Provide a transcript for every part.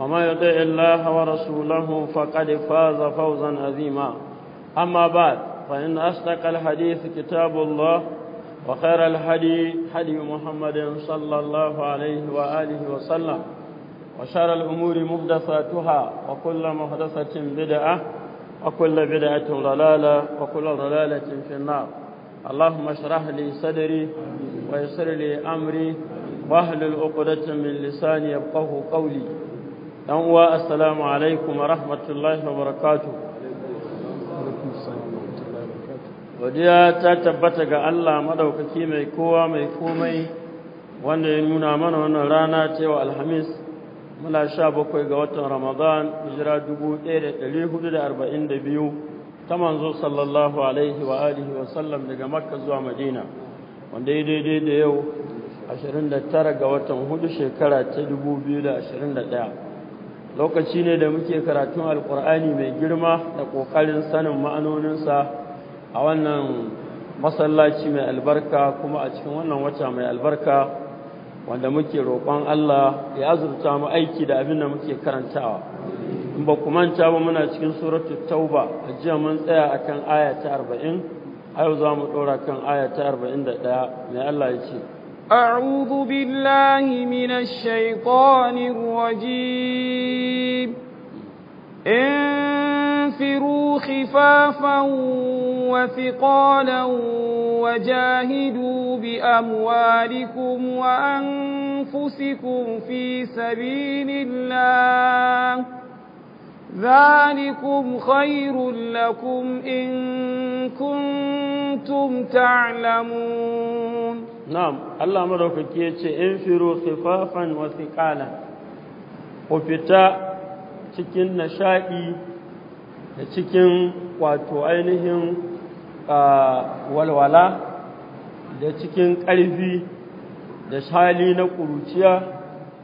وما يطع الله ورسوله فقد فاز فوزا عظيما أما بعد فإن أصدق الحديث كتاب الله وخير الهدي هدي محمد صلى الله عليه وآله وسلم وشر الأمور محدثاتها وكل محدثة بدعة وكل بدعة ضلالة وكل ضلالة في النار اللهم اشرح لي صدري ويسر لي أمري واهل العقدة من لساني يبقه قولي Dan uwa assalamu alaikum wa rahmatullahi wa barakatuh wadiya ta tabbata ga Allah madaukaki mai kowa mai komai wanda ya nuna mana wannan rana cewa alhamis muna sha bakwai ga watan ramadan hijira dubu ɗaya da hudu da arba'in da biyu ta manzo sallallahu alaihi wa alihi wa sallam daga makka zuwa madina wanda ya daidai da yau ashirin da tara ga watan hudu shekara ta dubu biyu da ashirin da ɗaya lokaci ne da muke karatun alkur'ani mai girma da ƙoƙarin sanin ma'anoninsa a wannan masallaci mai albarka kuma a cikin wannan wata mai albarka wanda muke roƙon Allah ya azurta mu aiki da abin da muke karantawa in ba ku manta ba muna cikin suratu tauba a jiya mun tsaya akan aya ta arba'in a yau za mu ɗora kan aya ta ɗaya, mai Allah ya ce أعوذ بالله من الشيطان الرجيم انفروا خفافا وثقالا وجاهدوا بأموالكم وأنفسكم في سبيل الله ذلكم خير لكم إن كنتم تعلمون na'am Allah madaukaki yace ce in firu khifafan wa thiqalan ku fita cikin nashadi da cikin wato ainihin walwala da cikin ƙarfi da hali na ƙuruciya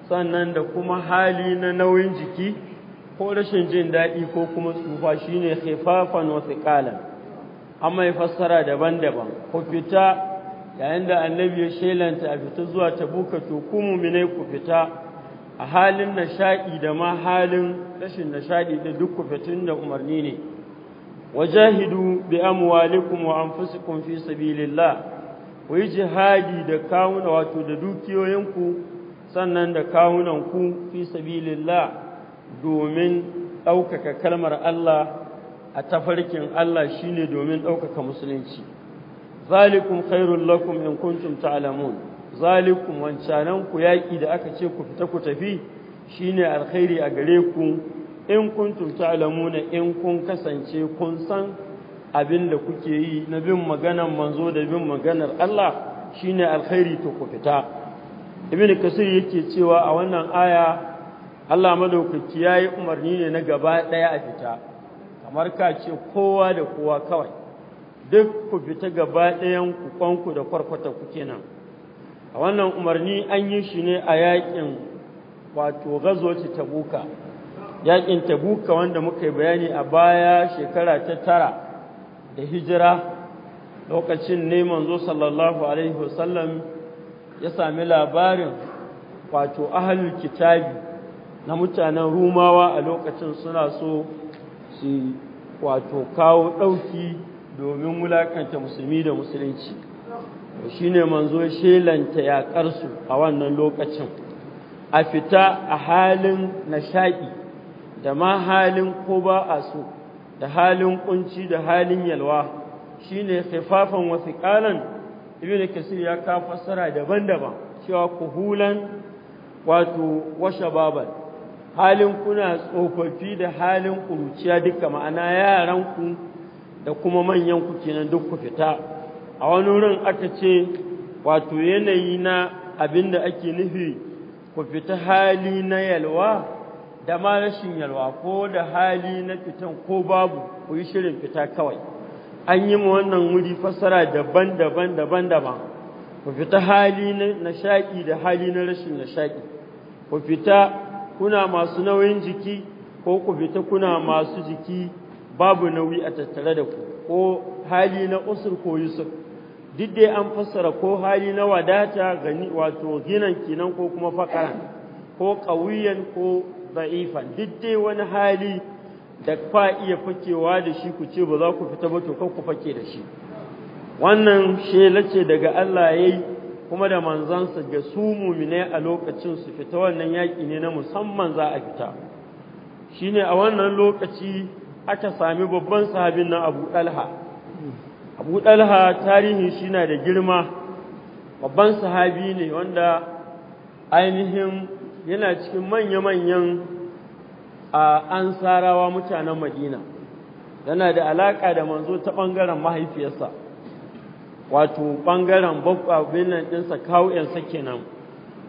sannan da kuma hali na nauyin jiki ko rashin jin daɗi ko kuma tsufa shine khifafan wa thiqalan amma fassara daban-daban ku fita yayin da annabi ya shelanta a fita zuwa tabuka to ku mu'minai ku fita a halin nashaɗi da ma halin rashin nashaɗi da duk ku fitin da umarni ne wajahidu bi amwalikum wa anfusikum fi sabilillah ku yi jihadi da kawuna wato da dukiyoyinku sannan da kawunan ku fi sabilillah domin ɗaukaka kalmar Allah a tafarkin Allah shine domin ɗaukaka musulunci zalikum khairul lakum in kuntum ta'lamun zalikum wancanan ku yaki da aka ce ku fita ku tafi shine alkhairi a gare ku in kuntum ta'lamuna in kun kasance kun san abin da kuke yi na bin maganar manzo da bin maganar Allah shine alkhairi to ku fita ibn kasir yake cewa a wannan aya Allah madaukaki yayi umarni ne na gaba daya a fita kamar ka ce kowa da kowa kawai duk ku fita gaba ɗayan ku da kwarkwata ku kenan a wannan umarni an yi shi ne a yakin wato gazoci tabuka yakin tabuka wanda muka yi bayani a baya shekara ta tara da hijira lokacin neman zo sallallahu alaihi wasallam ya sami labarin wato ahalin kitabi na mutanen rumawa a lokacin suna so su wato kawo ɗauki domin wulakanta musulmi da musulunci ne manzo shelanta yaƙarsu a wannan lokacin a fita a halin nashaƙi da ma halin ko ba a so da halin ƙunci da halin yalwa Shi shine wasu ƙalan ibi da kasir ya ka fassara daban-daban cewa ku hulan wato washe babal. halin kuna tsofaffi da halin kuruciya duka ma'ana yaran ku da kuma manyan ku kenan duk ku fita a wani wurin aka ce wato yanayi na abin da ake nufi ku fita hali na yalwa da ma rashin yalwa ko da hali na fitan ko babu ku yi shirin fita kawai an yi ma wannan wuri fasara daban-daban daban-daban ku fita hali na nishaɗi da hali na rashin nishaɗi ku fita kuna masu nauyin jiki ko ku fita kuna masu jiki babu nauyi a tattare da ku ko hali na usur ko yusuf duk dai an fassara ko hali na wadata gani wato ginan kinan ko kuma fakaran ko ƙauyen ko da'ifan duk dai wani hali da fa iya fakewa da shi ku ce ba za ku fita ba to kan ku fake da shi wannan shela ce daga Allah yayi kuma da manzansa ga su mu'mine a lokacin su fita wannan yaki ne na musamman za a fita shine a wannan lokaci aka sami babban sahabin na Abu Ɗalha. Abu Ɗalha tarihi shi na da girma babban sahabi ne wanda ainihin yana cikin manya-manyan ansarawa mutanen Madina yana da alaƙa da manzo ta ɓangaren mahaifiyarsa wato bangaren babba, nan ɗinsa kawuyansa kenan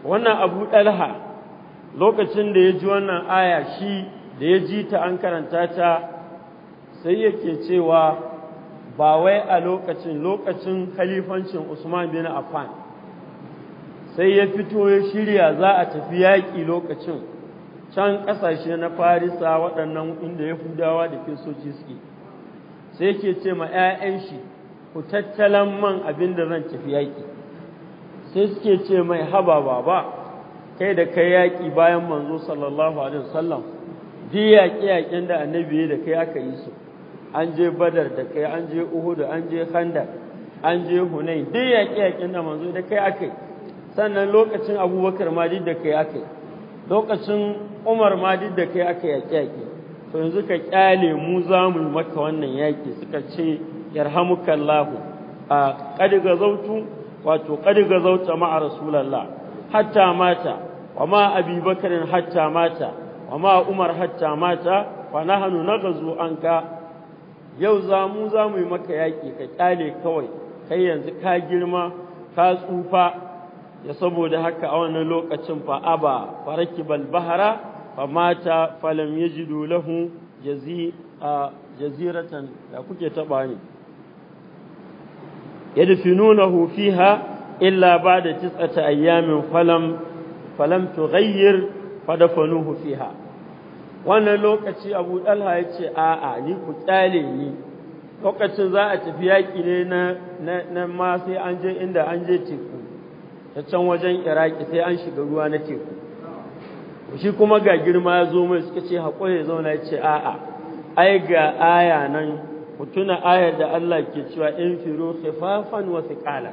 wannan Abu Ɗalha lokacin da ya ji wannan aya shi da ya ji ta an karanta ta sai yake cewa ba wai a lokacin lokacin halifancin Usman bin Afan. sai ya fito ya shirya za a tafi yaƙi lokacin can ƙasashe na Farisa waɗannan inda ya Yahudawa da ke so suke sai yake ce ma 'ya'yan shi ku tattalan man abin da zan tafi yaƙi sai suke ce mai haba ba, kai da kai yaƙi bayan manzo sallallahu alaihi wasallam duk yaƙe-yaƙen da annabi da kai aka yi su an je badar da kai an je uhudu an je khandaq an je hunai duk yaƙi yaƙin da manzo da kai akai sannan lokacin abubakar ma duk da kai akai lokacin umar ma duk da kai akai yaƙi yaƙi to yanzu ka kyale mu za mu yi maka wannan yaƙi suka ce yarhamukallahu a qad gazautu wato zauta gazauta a rasulullah hatta mata wa ma abubakar hatta mata wa ma umar hatta mata fa nahnu nagzu anka yau za mu za mu yi maka yaƙi ka ƙyale kawai kai yanzu ka girma ka tsufa ya saboda haka a wannan lokacin fa aba faraki balbahara fa mata falam yajidu lahu jazi jaziratan da kuke taba ne yadfinunahu fiha illa ba ba'da tis'ati ayyamin falam falam tughayyir fadafanuhu fiha wannan lokaci abu ɗalha ya ce a'a ni ku tsale ni lokacin za a tafi yaƙi ne na na ma sai an je inda an je teku ta can wajen iraki sai an shiga ruwa na teku shi kuma ga girma ya zo mai suka ce haƙo ya zauna ya ce a'a ai ga aya nan ku tuna ayar da Allah ke cewa in firu khifafan wa thiqala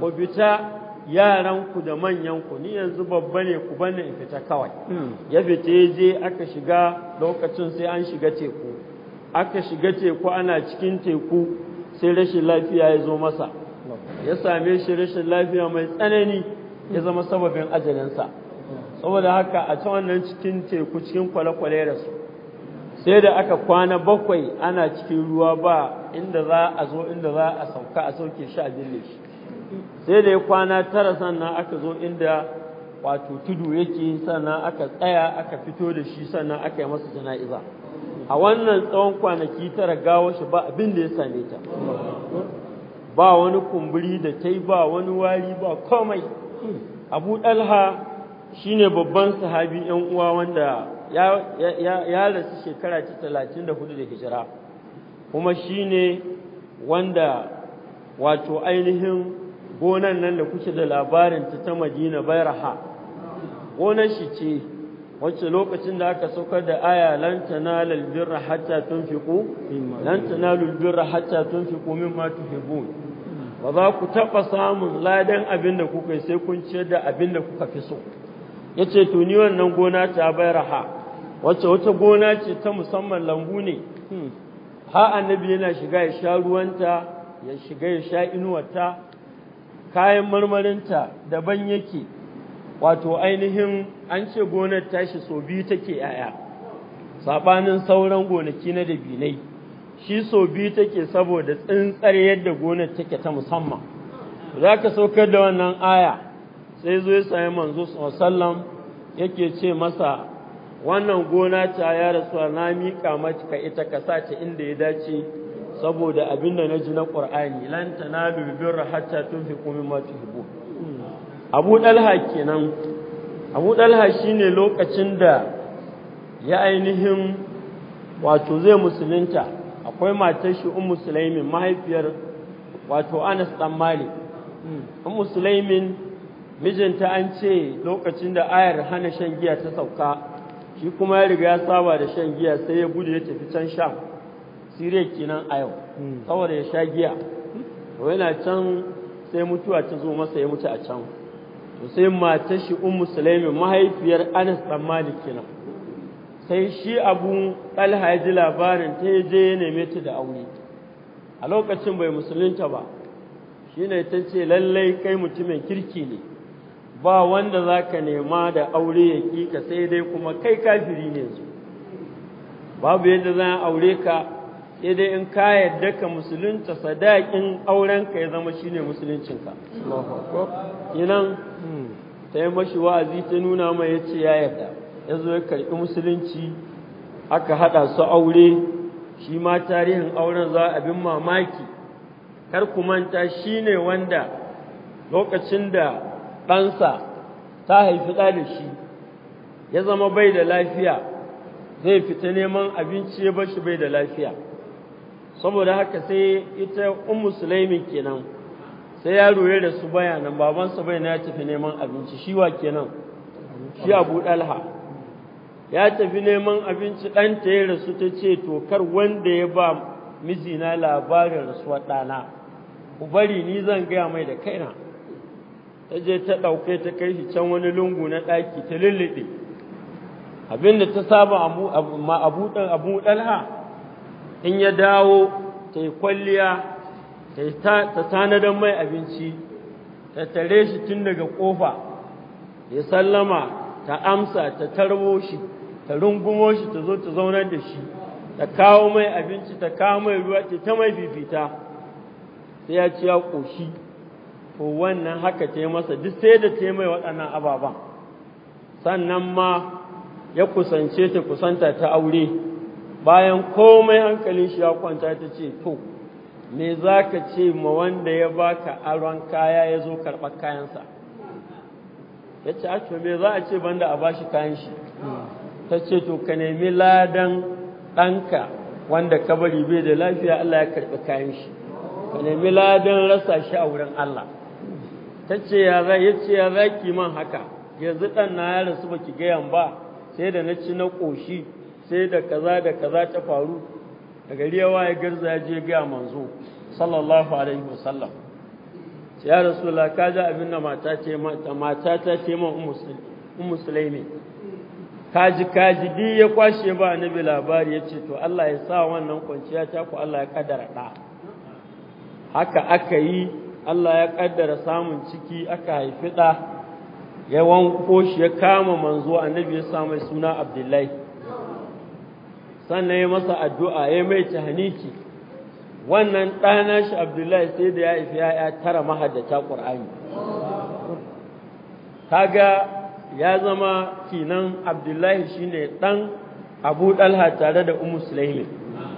ku fita yaran ku da manyanku ni yanzu babba ne ku bane in fita kawai hmm. ya fita ya je aka shiga lokacin sai an shiga teku aka shiga teku ana cikin teku sai rashin lafiya ya zo masa ya same shi rashin lafiya mai tsanani ya zama sababin ajalinsa saboda haka a can wannan cikin teku cikin kwale-kwale da su sai da aka kwana bakwai ana cikin ruwa ba inda za a zo inda za a sauka a sauke shi a binne shi sai da ya kwana tara sannan aka zo inda wato tudu yake sannan aka tsaya aka fito da shi sannan aka yi masa jana'iza a wannan tsawon kwanaki tara gawo shi ba abin da ya same ta ba wani kumburi da tai ba wani wari ba komai abu dalha ne babban sahabi yan uwa wanda ya rasu shekara ta talatin da hudu da hijira kuma shi ne wanda wato ainihin gonan nan da kuke da labarin ta ta Madina Bayraha gonan shi ce wacce lokacin da aka saukar da aya lan tanalul birra hatta tunfiqu lan tanalul birra hatta tunfiqu mimma tuhibbun ba za ku taɓa samun ladan abin da kuka sai kun ciyar da abin da kuka fi so ya ce tuni wannan gona ta bayraha wacce wata gona ce ta musamman lambu ne hmm. ha annabi yana shiga ya sha ruwanta ya shiga ya sha inuwarta kayan marmarinta daban yake wato ainihin an ce gonar tashi so biyu take yaya sabanin sauran gonaki na dabinai shi so biyu take saboda tsintsar yadda gonar take ta musamman zaka saukar da wannan aya sai zo ya sami manzo sallam yake ce masa wannan gona ta ya rasuwa, na miƙa mata ka ita ka sace inda ya dace saboda abin da ji na Qur'ani lanta na birra hatta tunfiqu mimma hibu Abu Dalha kenan Abu shi shine lokacin da ya ainihin wato zai musulunta akwai matar shi un musulaimin mahaifiyar wato Anas dan mali un musulaimin mijinta an ce lokacin da ayar hana shan giya ta sauka shi kuma ya riga ya saba da shan giya sai ya gudu ya tafi can sha. siriya kinan a yau hmm. saboda ya sha giya to yana can sai mutuwa ta zo masa ya mutu a can to sai matar shi ummu sulaimi mahaifiyar anas dan malik kinan. sai shi abu talha ya ji labarin ta je ya neme ta da aure a lokacin bai musulunta ba shine ta ce lallai kai mutumin kirki ne ba wanda za ka nema da aure ya ƙi ka sai dai kuma kai kafiri ne yanzu babu yadda za a aure ka sai in ka yadda ka musulunta sadakin aurenka ya zama shi ne musuluncinka Inan hmm. ta yi mashi wa'azi ta nuna mai ya ce ya yadda ya zo ya karɓi musulunci aka haɗa su aure shi ma tarihin auren za bin mamaki kar ku manta shi ne wanda lokacin da ɗansa ta haifi ɗa da shi ya zama bai da lafiya zai fita neman abinci ya bashi bai da lafiya saboda haka sai ita ummu sulaimin kenan sai ya rure da su bayanan babansa bai na ya tafi neman abinci shi wa kenan shi abu dalha ya tafi neman abinci ta ya rasu ta ce to kar wanda ya ba mijina labarin rasuwa ɗana ku bari ni zan gaya mai da kaina ta je ta ɗauke ta kai shi can wani lungu na ɗaki ta lullube abinda ta saba abu abu abu in ya dawo ta yi kwalliya ta tanadar mai abinci ta tare shi tun daga ƙofa ya sallama ta amsa ta tarbo shi ta rungumo shi ta zo ta zaunar da shi ta kawo mai abinci ta kawo mai ruwa ta ta mai fifita sai ya ci ya ƙoshi ko wannan haka ta yi masa duk sai da ta yi mai waɗannan ababen sannan ma ya kusance ta kusanta ta aure bayan komai hankalin shi ya kwanta ta ce to me za ka ce ma wanda ya baka aron kaya ya zo karɓa kayansa ya ce ake me za a ce banda a bashi kayan shi ta ce to ka nemi ladan ɗanka wanda ka bari bai da lafiya Allah ya karɓi kayan shi ka nemi ladan rasa shi a wurin Allah ta ce ya za ya ce ya za ki man haka yanzu ɗan na ya rasu baki gayan ba sai da na ci na ƙoshi sai da kaza da kaza ta faru daga riyawa ya garza ya je ga manzo sallallahu alaihi wasallam ya rasulullah ka ji abin da mata ce mata mata ta ce ma ummu sulaimi kaji kaji bi ya kwashe ba annabi labari yace to Allah ya sa wannan kwanciya ta ku Allah ya kaddara da haka aka yi Allah ya kaddara samun ciki aka haifi da yawan koshi ya kama manzo annabi ya samu suna Abdullahi sannan ya masa addu'a ya mai tahniki wannan ɗana shi abdullahi sai da ya ifi ya tara mahaddata ƙur'ani ga ya zama kinan abdullahi shine ɗan abu ɗalha tare da umu sulaimi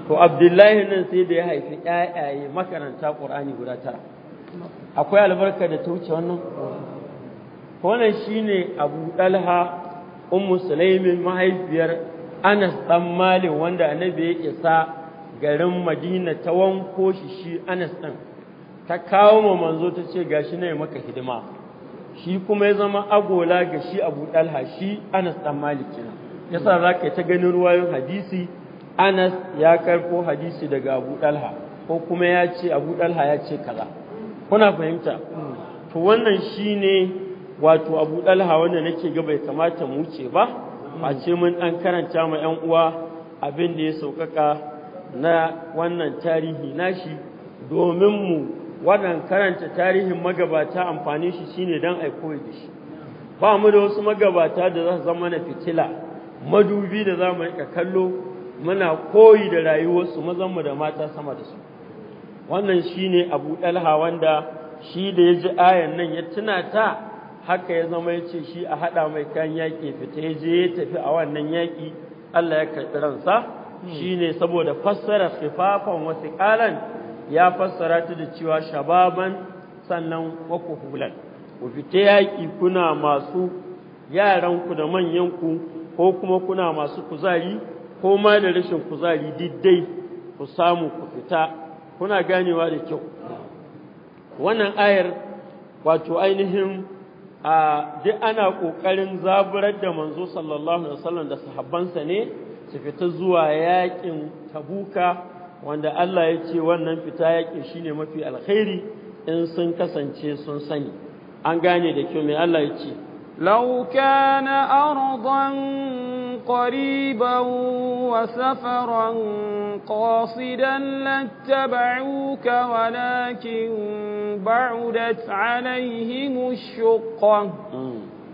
to abdullahi nan sai da ya haifi ƴaƴaye makaranta ƙur'ani guda tara akwai albarka da ta wuce wannan wannan shine abu ɗalha umu sulaimi mahaifiyar Anas ɗan Malin wanda annabi ya isa garin Madina ta wanko shi shi Anas ɗin ta kawo ma manzo ta ce gashi na ne maka hidima shi kuma ya zama agola ga shi Abu Dalha shi Anas ɗan Malik kenan yasa zaka ta ganin ruwayoyin hadisi Anas ya karko hadisi daga Abu Dalha ko kuma ya ce Abu Dalha ya ce kaza kuna fahimta to wannan shine wato Abu Dalha wanda nake ga bai kamata mu wuce ba A ce mun ɗan karanta ma 'yan uwa abin da ya sauƙaƙa na wannan tarihi nashi domin mu wannan karanta tarihin magabata amfani shi shine don ai koyi da shi ba mu da wasu magabata da za su zama na fitila madubi da za mu rika kallo muna koyi da rayuwarsu mazan mu da mata sama da su wannan shine Abu Ɗalha, wanda shi da ya ji ayan nan ya tuna ta haka ya zama ya ce shi a haɗa mai kan yaki fita ya je tafi a wannan yaƙi Allah ya karɓi ransa hmm. ne saboda fassara khifafan wasi thiqalan ya fassara ta da cewa shababan sannan wa hulan ku fita yaki kuna masu yaran ku da manyan ku ko kuma kuna masu kuzari ko ma da rashin kuzari diddai ku samu ku fita kuna ganewa da kyau wannan ayar wato ainihin a duk ana ƙoƙarin zaburar da manzo sallallahu alaihi wasallam da sahabbansa ne su fita zuwa yaƙin tabuka wanda Allah ya ce wannan fita yaƙin shine mafi alkhairi in sun kasance sun sani an gane da kyau mai Allah ya ce لو كان أرضا قريبا وسفرا قاصدا لاتبعوك ولكن بعدت عليهم الشقة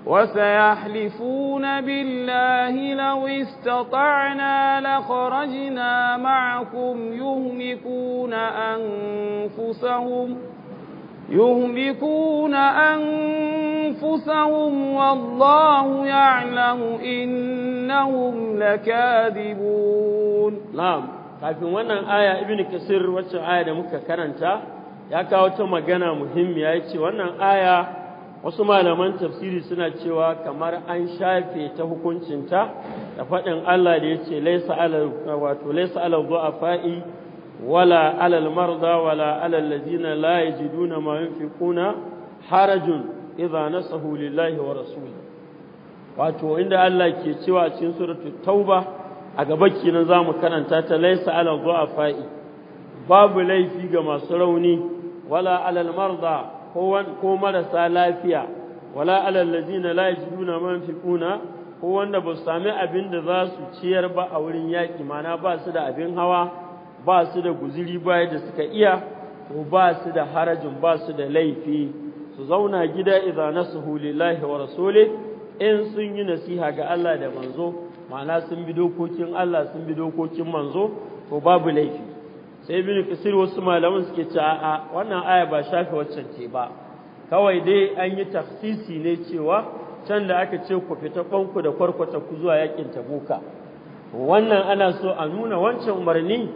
وسيحلفون بالله لو استطعنا لخرجنا معكم يهلكون أنفسهم يهلكون أنفسهم والله يعلم إنهم لكاذبون نعم kafin wannan aya ibnu kasir wacce aya da muka karanta ya kawo ta magana muhimmiya ce wannan aya wasu malaman tafsiri suna cewa kamar an shafe ta hukuncinta da faɗin Allah da yace laysa ala wato laysa ala du'afa'i wala alal marda wala alal ladina la yajiduna ma yunfiquna harajun idza nasahu lillahi wa rasulihi wato inda Allah ke cewa cikin suratul tauba a gaba kenan zamu karanta ta laysa ala du'afa'i babu laifi ga masu rauni wala alal marda ko marasa lafiya wala alal ladina la yajiduna ma yunfiquna ko wanda ba su sami abin da za su ciyar ba a wurin yaƙi mana ba su da abin hawa ba su da guziri baya da suka iya ko ba su da harajin ba su da laifi su zauna gida idza nasuhu lillahi wa rasuli in sun yi nasiha ga Allah da manzo ma'ana sun bi dokokin Allah sun bi dokokin manzo ko babu laifi sai ibn kasir wasu malaman suke cewa a wannan aya ba shafi waccan ce ba kawai dai an yi tafsisi ne cewa can da aka ce ku fita kwanku da kwarkwata ku zuwa yakin tabuka wannan ana so a nuna wancan umarni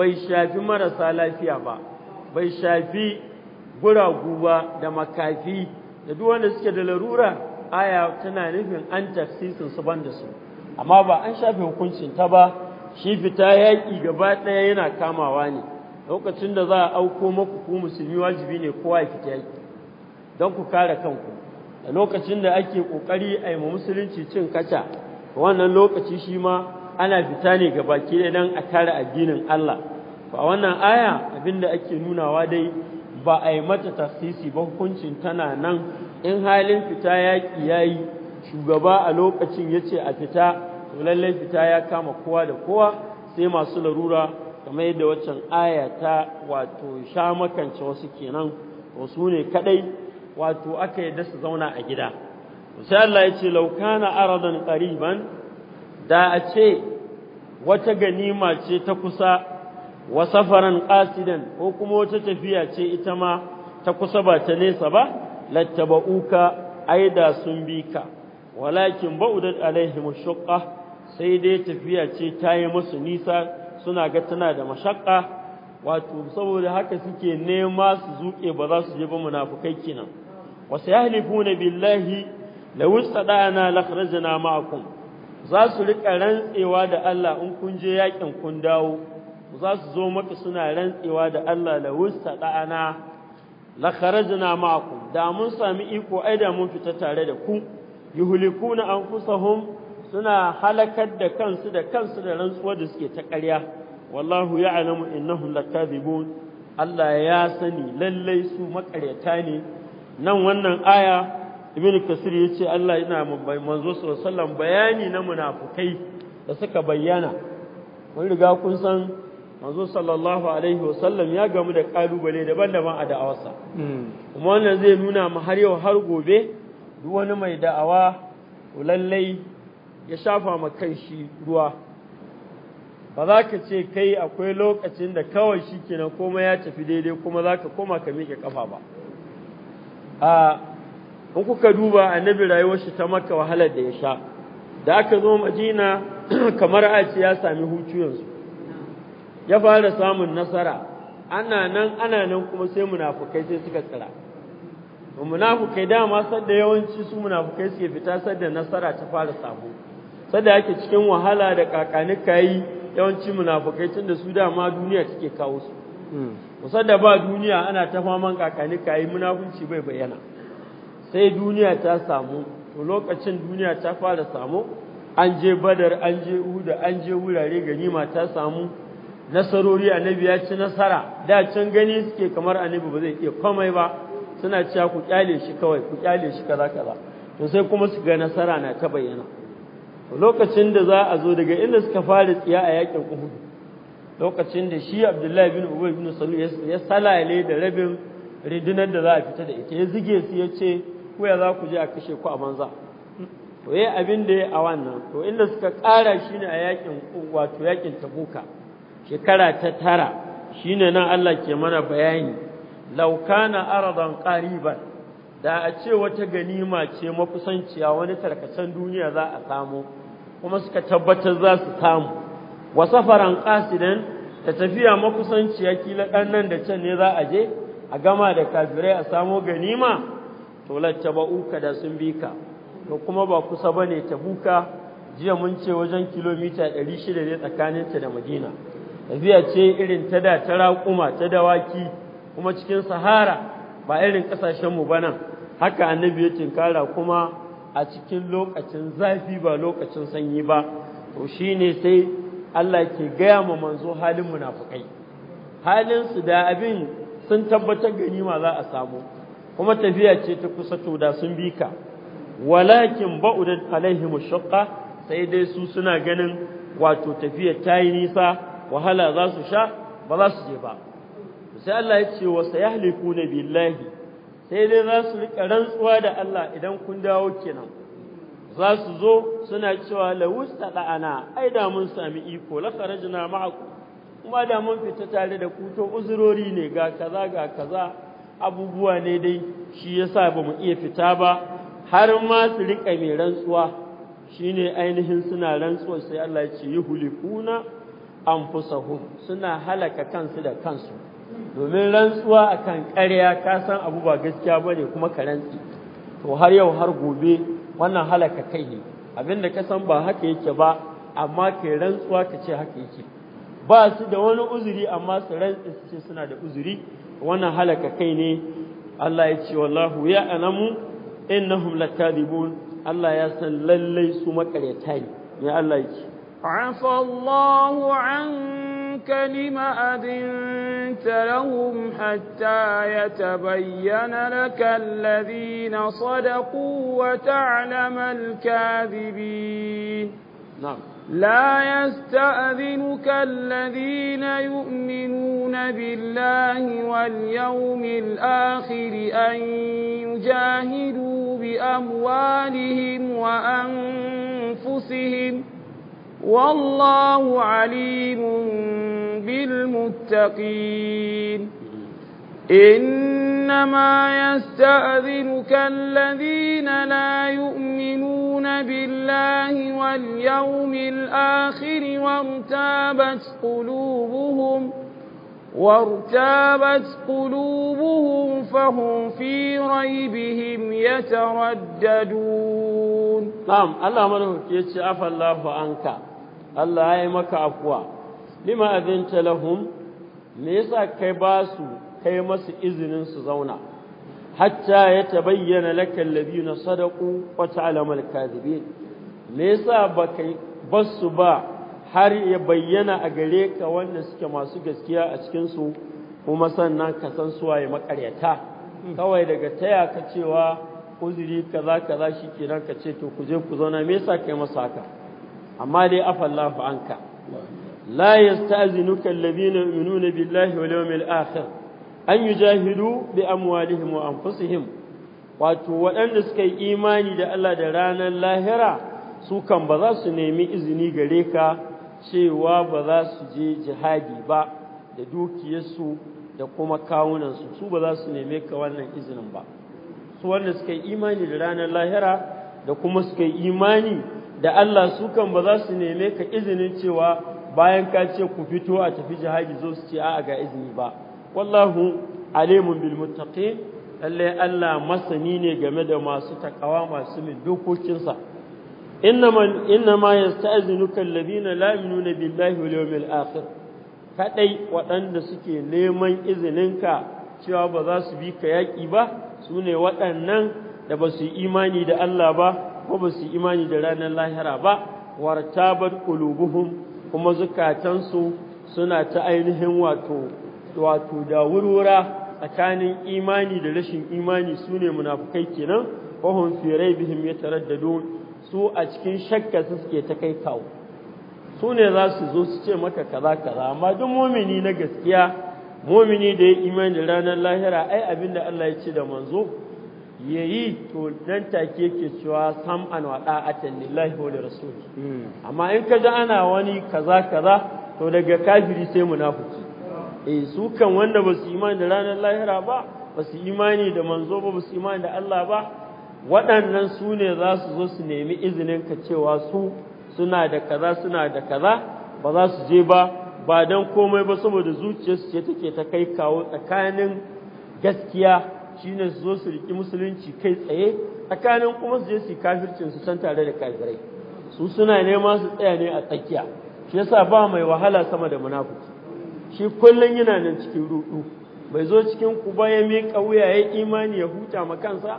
bai shafi marasa lafiya ba bai shafi guragu ba da makafi da duk wanda suke da larura aya tana nufin an tafsisin su ban su amma ba an shafe hukuncin ta ba shi fita yaƙi gaba ɗaya yana kamawa ne lokacin da za a auko maku ku musulmi wajibi ne kowa ya fita yaƙi don ku kare kanku da lokacin da ake ƙoƙari a yi musulunci cin kaca wannan lokaci shi ma ana fita ne ga baki ɗaya don a kare addinin Allah ba wannan aya abin da ake nunawa dai ba a yi mata tasisi ba hukuncin tana nan in halin fita yaƙi ya yi shugaba a lokacin ya ce a fita to lallai fita ya kama kowa da kowa sai masu larura kamar yadda waccan aya ta wato sha makance wasu kenan wasu ne kadai wato aka yadda su zauna a gida sai Allah ya ce laukana aradan qariban da a ce wata ganima ce ta kusa wa safaran qasidan ko kuma wata tafiya ce ita ma ta kusa ba ta nesa ba lattaba'uka aida sun bi ka walakin ba'udat alaihim shaqqa sai dai tafiya ce ta yi musu nisa suna ga tana da mashaqqa wato saboda haka suke nema su zuke ba za su je ba munafukai kenan wasayahlifuna billahi law istada'ana lakhrajna ma'akum za su riƙa rantsewa da Allah in kun je yakin kun dawo za su zo maka suna rantsewa da Allah la wusta da'ana la kharajna ma'akum da mun sami iko ai da mun fita tare da ku yuhlikuna anfusahum suna halakar da kansu da kansu da rantsuwar da suke ta ƙarya wallahu ya'lamu innahum lakathibun Allah ya sani lallai su makaryata ne nan wannan aya ibn kasir ce Allah ina manzo sallallahu alaihi bayani na munafukai da suka bayyana mun riga kun san manzo sallallahu alaihi wasallam ya gamu da kalubale daban-daban a da'awarsa hmm. kuma wannan zai nuna mu har yau har gobe duk wani mai da'awa lallai ya shafa ma kan shi ruwa ba za ka ce kai akwai lokacin da kawai shi kenan komai ya tafi daidai kuma za ka koma ka miƙe ƙafa ba ah, in kuka duba annabi rayuwar shi ta makka wahalar da ya sha da aka zo madina kamar a ya sami hutu yanzu ya fara samun nasara ana nan ana nan kuma sai munafukai sai suka tsira munafukai dama sadda yawanci su munafukai suke fita sadda nasara ta fara sabo sadda ake cikin wahala da kakanika yi yawanci munafukai tun da su dama duniya take kawo su musadda hmm. ba duniya ana ta faman kakanika yi munafunci bai bayyana sai duniya ta samu to lokacin duniya ta fara samu an je badar an je uda an je wurare ganima ta samu nasarori annabi ya ci nasara da can gani suke kamar annabi ba zai iya komai ba suna cewa ku kyale shi kawai ku kyale shi kaza kaza to sai kuma su ga nasara na ta bayyana lokacin da za a zo daga inda suka fara tsiya a yakin Uhud lokacin da shi Abdullahi bin Ubay bin Salul ya salale da rabin ridinar da za a fita da ita ya zige su ya ce ku za ku je a kashe ku a banza to yayi abin da yayi a wannan to inda suka ƙara shine a yakin wato yakin tabuka shekara ta tara shine nan Allah ke mana bayani law kana aradan qariban da a ce wata ganima ce mafusanciya wani tarkacen duniya za a samu kuma suka tabbatar za su samu wa safaran qasidan ta tafiya mafusanciya kila dan nan da can ne za a je a gama da kafirai a samo ganima to uka da sun bi ka to kuma ba kusa bane tabuka jiya mun ce wajen kilomita 600 ne ta da Madina tafiya ce irin ta da ta raƙuma ta dawaki kuma cikin sahara ba irin ƙasashen mu bana haka annabi ya tinkara kuma a cikin lokacin zafi ba lokacin sanyi ba to shine sai Allah ke gaya ma manzo halin munafukai halin su da abin sun tabbatar ganima za a samu kuma tafiya ce ta kusa to da sun bi ka walakin ba'udan alaihim shaqqa sai dai su suna ganin wato tafiya ta yi nisa wahala za su sha ba za su je ba sai Allah ya ce wa sayahlikuna billahi sai dai za su rika rantsuwa da Allah idan kun dawo kenan za su zo suna cewa lawusta ana ai da mun sami iko la kharajna ma'akum kuma da mun fita tare da ku to uzurori ne ga kaza ga kaza abubuwa ne dai shi yasa ba mu iya fita ba har ma su riƙa mai rantsuwa shine ainihin suna rantsuwa sai Allah ya ce an anfusahum suna halaka kansu da kansu domin rantsuwa akan karya ka san abu ba gaskiya ba ne kuma ka rantsi to har yau har gobe wannan halaka kai ne abinda ka san ba haka yake ba amma kai rantsuwa ka ce haka yake ba su da wani uzuri amma su rantsi su ce suna da uzuri wannan halaka kai ne Allah ya ce wallahu ya anamu innahum lakadibun Allah ya san lallai su makaryata ne ya Allah ya ce afa Allahu anka lima adinta lahum hatta yatabayyana laka alladhina sadaqu wa ta'lamal kadhibin نعم لا يستأذنك الذين يؤمنون بالله واليوم الآخر أن يجاهدوا بأموالهم وأنفسهم والله عليم بالمتقين إنما يستأذنك الذين لا يؤمنون يؤمنون بالله واليوم الآخر وارتابت قلوبهم وارتابت قلوبهم فهم في ريبهم يترددون نعم الله ملك يتي عفى الله عنك الله يا مك عفوا لما أذنت لهم ليس كباسوا كيمس إذن سزونا hatta yatabayyana lakal ladina sadaqu wa ta'lamal kadhibin me yasa baka basu ba har ya bayyana a gare ka wanda suke masu gaskiya a cikin su kuma sannan ka san waye makaryata kawai daga taya ka cewa uzuri kaza kaza shikenan ka ce to ku je ku zauna me yasa kai masa haka amma dai afallahu anka la yasta'zinuka alladhina yu'minuna billahi wal yawmil akhir an yi jahidu bi amwalihim wa anfusihim wato waɗanda suka yi imani da Allah da ranar lahira su kan ba za su nemi izini gare ka cewa ba za su je jihadi ba da dukiyarsu da kuma kawunansu su ba za su neme ka wannan izinin ba su wanda suka yi imani da ranar lahira da kuma suka yi imani da Allah su kan ba za su neme ka izinin cewa bayan ka ce ku fito a tafi jihadi zo su ce a'a ga izini ba wallahu alimun bil muttaqin lalle Allah masani ne game da masu takawa masu dokokin dokokinsa innama innama yasta'zinuka alladhina la yu'minuna billahi wal yawmil akhir kadai waɗanda suke neman izininka cewa ba za su bi ka yaki ba sune ne waɗannan da ba su imani da Allah ba ko ba su imani da ranar lahira ba wartabat qulubuhum kuma zukatansu suna ta ainihin wato wato da wurwura tsakanin imani da rashin imani su ne munafukai kenan wahum fi ya yataraddadun su a cikin shakka suke ta kai kawo su ne za su zo su ce maka kaza kaza amma duk mumini na gaskiya mumini da ya imani da ranar lahira ai abinda Allah ya ce da manzo yayi to dan take yake cewa sam an wada atan lillahi wa rasul hmm. amma in ka ji ana wani kaza kaza to daga kafiri sai munafiki eh su kan wanda ba su imani da ranar lahira ba ba su imani da manzo ba ba su imani da Allah ba waɗannan su ne za su zo su nemi izinin ka cewa su suna da kaza suna da kaza ba za su je ba ba don komai ba saboda zuciyarsu ce take ta kai kawo tsakanin gaskiya shine su zo su riki musulunci kai tsaye tsakanin kuma su je su kafircin su san tare da kafirai su suna nema su tsaya ne a tsakiya shi yasa ba mai wahala sama da munafiki shi kullum yana nan cikin rudu bai zo cikin ku ba ya mika wuya ya imani ya huta ma kansa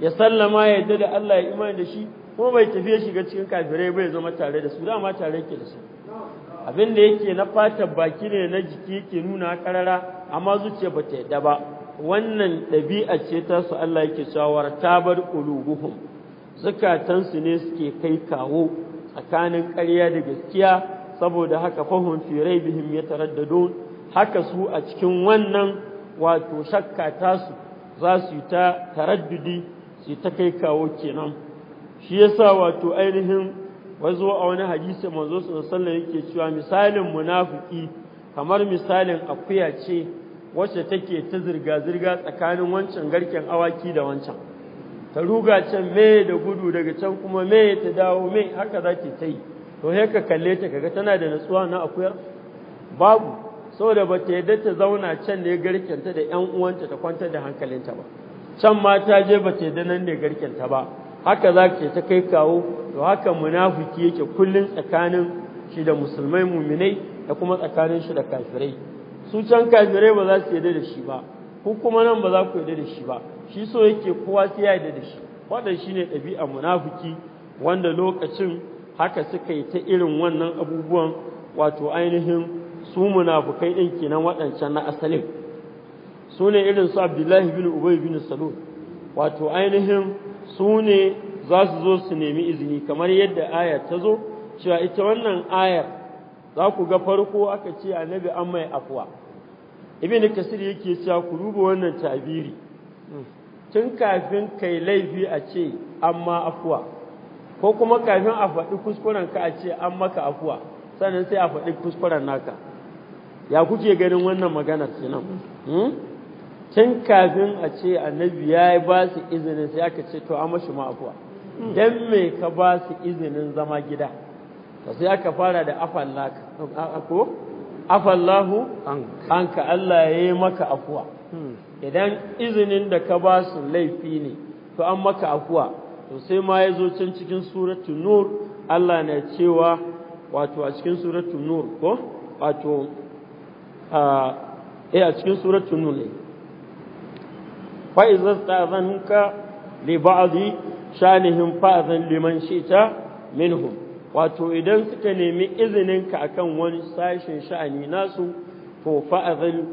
ya sallama ya yarda da Allah ya imani da shi kuma bai tafi ya shiga cikin kafirai ya zama tare da su Da dama tare yake da su abin da yake na fatar baki ne na jiki yake nuna karara amma zuciya ba ta yadda ba wannan ɗabi'a ce ta su Allah yake shawara ta bar qulubuhum zukatansu ne suke kai kawo tsakanin ƙarya da gaskiya saboda haka fahum fi raibihim yataraddadun haka su a cikin wannan wato shakka tasu za su ta taraddudi su ta kai kawo kenan shi yasa wato ainihin wazo a wani hadisi manzo sallallahu yake cewa misalin munafiki kamar misalin akuya ce wacce take ta zirga zirga tsakanin wancan garken awaki da wancan ta ruga can me da gudu daga can kuma me ta dawo me haka zaki ta yi to sai ka kalle ta kaga tana da natsuwa na akuya. babu saboda ba ta yadda ta zauna can ne garkenta da ƴan uwanta ta kwantar da hankalinta ba can ma ta je ba ta yadda nan ne garkenta ba haka za ce ta kai kawo to haka munafiki yake kullun tsakanin shi da musulmai muminai da kuma tsakanin shi da kafirai su can kafirai ba za su yadda da shi ba ko kuma nan ba za ku yadda da shi ba shi so yake kowa sai ya yadda da shi wannan shine ɗabi'a munafiki wanda lokacin haka suka yi ta irin wannan abubuwan wato ainihin su munafukai ɗin kenan waɗancan na asalin su ne irin su abdullahi bin ubay bin salul wato ainihin su ne za su zo su nemi izini kamar yadda ayar ta zo cewa ita wannan ayar za ku ga farko aka ce annabi an mai afuwa ibn kasir yake cewa ku duba wannan tabiri tun kafin kai laifi a ce amma afuwa ko kuma kafin a faɗi kuskuren ka a ce an maka afuwa sannan sai a faɗi kuskuren naka ya kuke ganin wannan maganar kenan hmm? tun kafin a ce annabi ya ba su izinin sai aka ce to an mashi ma afuwa don me ka ba su izinin zama gida ta sai aka fara da afallahu an ka anka Allah ya yi maka afuwa hmm. idan izinin da ka ba su laifi ne to an maka afuwa to sai ma ya zo can cikin suratu nur Allah na cewa wato a cikin suratu nur ko wato a eh a cikin suratu nur ne fa iza ta'zanka li ba'dhi shanihim fa'zan liman shi'ta minhum wato idan suka nemi izininka akan wani sashin sha'ani nasu to fa'zan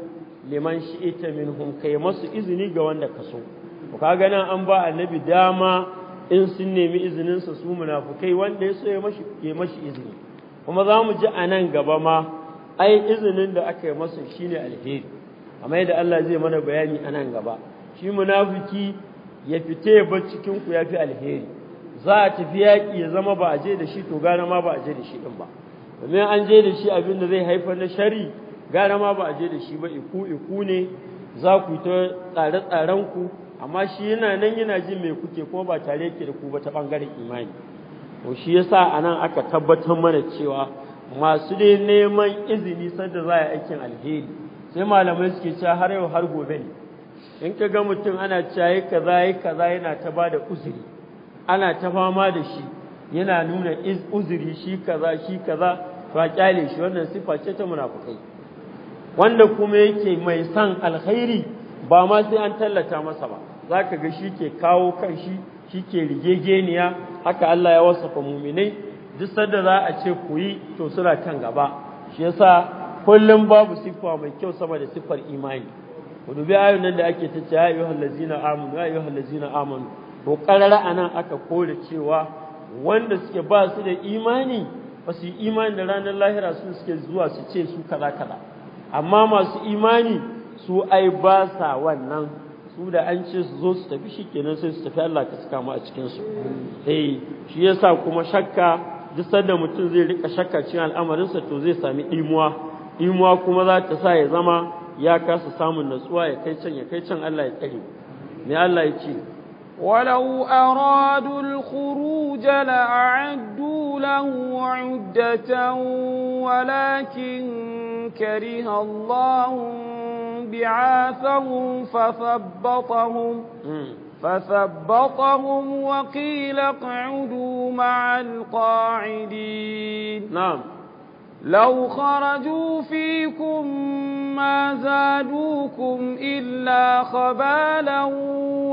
liman shi'ta minhum kai masu izini ga wanda ka so to kaga nan an ba annabi dama in sun nemi izininsa su munafukai wanda ya so ya mashi ya mashi izini kuma za mu ji a nan gaba ma ai izinin da aka yi masa shine alheri amma yadda Allah zai mana bayani a nan gaba shi munafiki ya fite ba cikin ku yafi alheri za a tafi yaƙi ya zama ba a je da shi to gane ma ba a je da shi din ba domin an je da shi abin da zai haifar na shari gane ma ba a je da shi ba iku iku ne za ku ta tsare-tsarenku amma shi yana nan yana jin mai kuke kuma ba tare yake da ku ba ta bangaren imani to shi yasa anan aka tabbatar mana cewa masu dai neman izini sanda za a aikin alheri sai malamai suke cewa har yau har gobe ne in ka ga mutum ana cewa kaza yi kaza yana ta ba da uzuri ana ta fama da shi yana nuna uzuri shi kaza shi kaza to a kyale shi wannan sifa ce ta munafukai wanda kuma yake mai san alkhairi ba ma sai an tallata masa ba za ka ga shi ke kawo kan shi shi ke rigegeniya haka Allah ya wasafa muminai duk sanda za a ce ku yi to suna kan gaba shi yasa kullum babu siffa mai kyau sama da siffar imani ku dubi ayoyin nan da ake tace ya ayyuhal ladzina amanu ya ayyuhal ladzina amanu to karara anan aka kore cewa wanda suke ba su da imani ba su imani da ranar lahira su suke zuwa su ce su kaza kaza amma masu imani su ai ba sa wannan su da an ce su zo su tafi shi kenan sai su tafi Allah ka saka mu a cikin su eh shi yasa kuma shakka duk sanda mutum zai rika shakka cikin al'amarinsa to zai sami imuwa imuwa kuma za ta sa ya zama ya kasa samun natsuwa ya kai can ya kai can Allah ya tsare me Allah ya ce ولو أرادوا الخروج لأعدوا له عدة ولكن كره الله بعاثهم فثبطهم فثبطهم وقيل اقعدوا مع القاعدين نعم لو خرجوا فيكم ما زادوكم إلا خبالا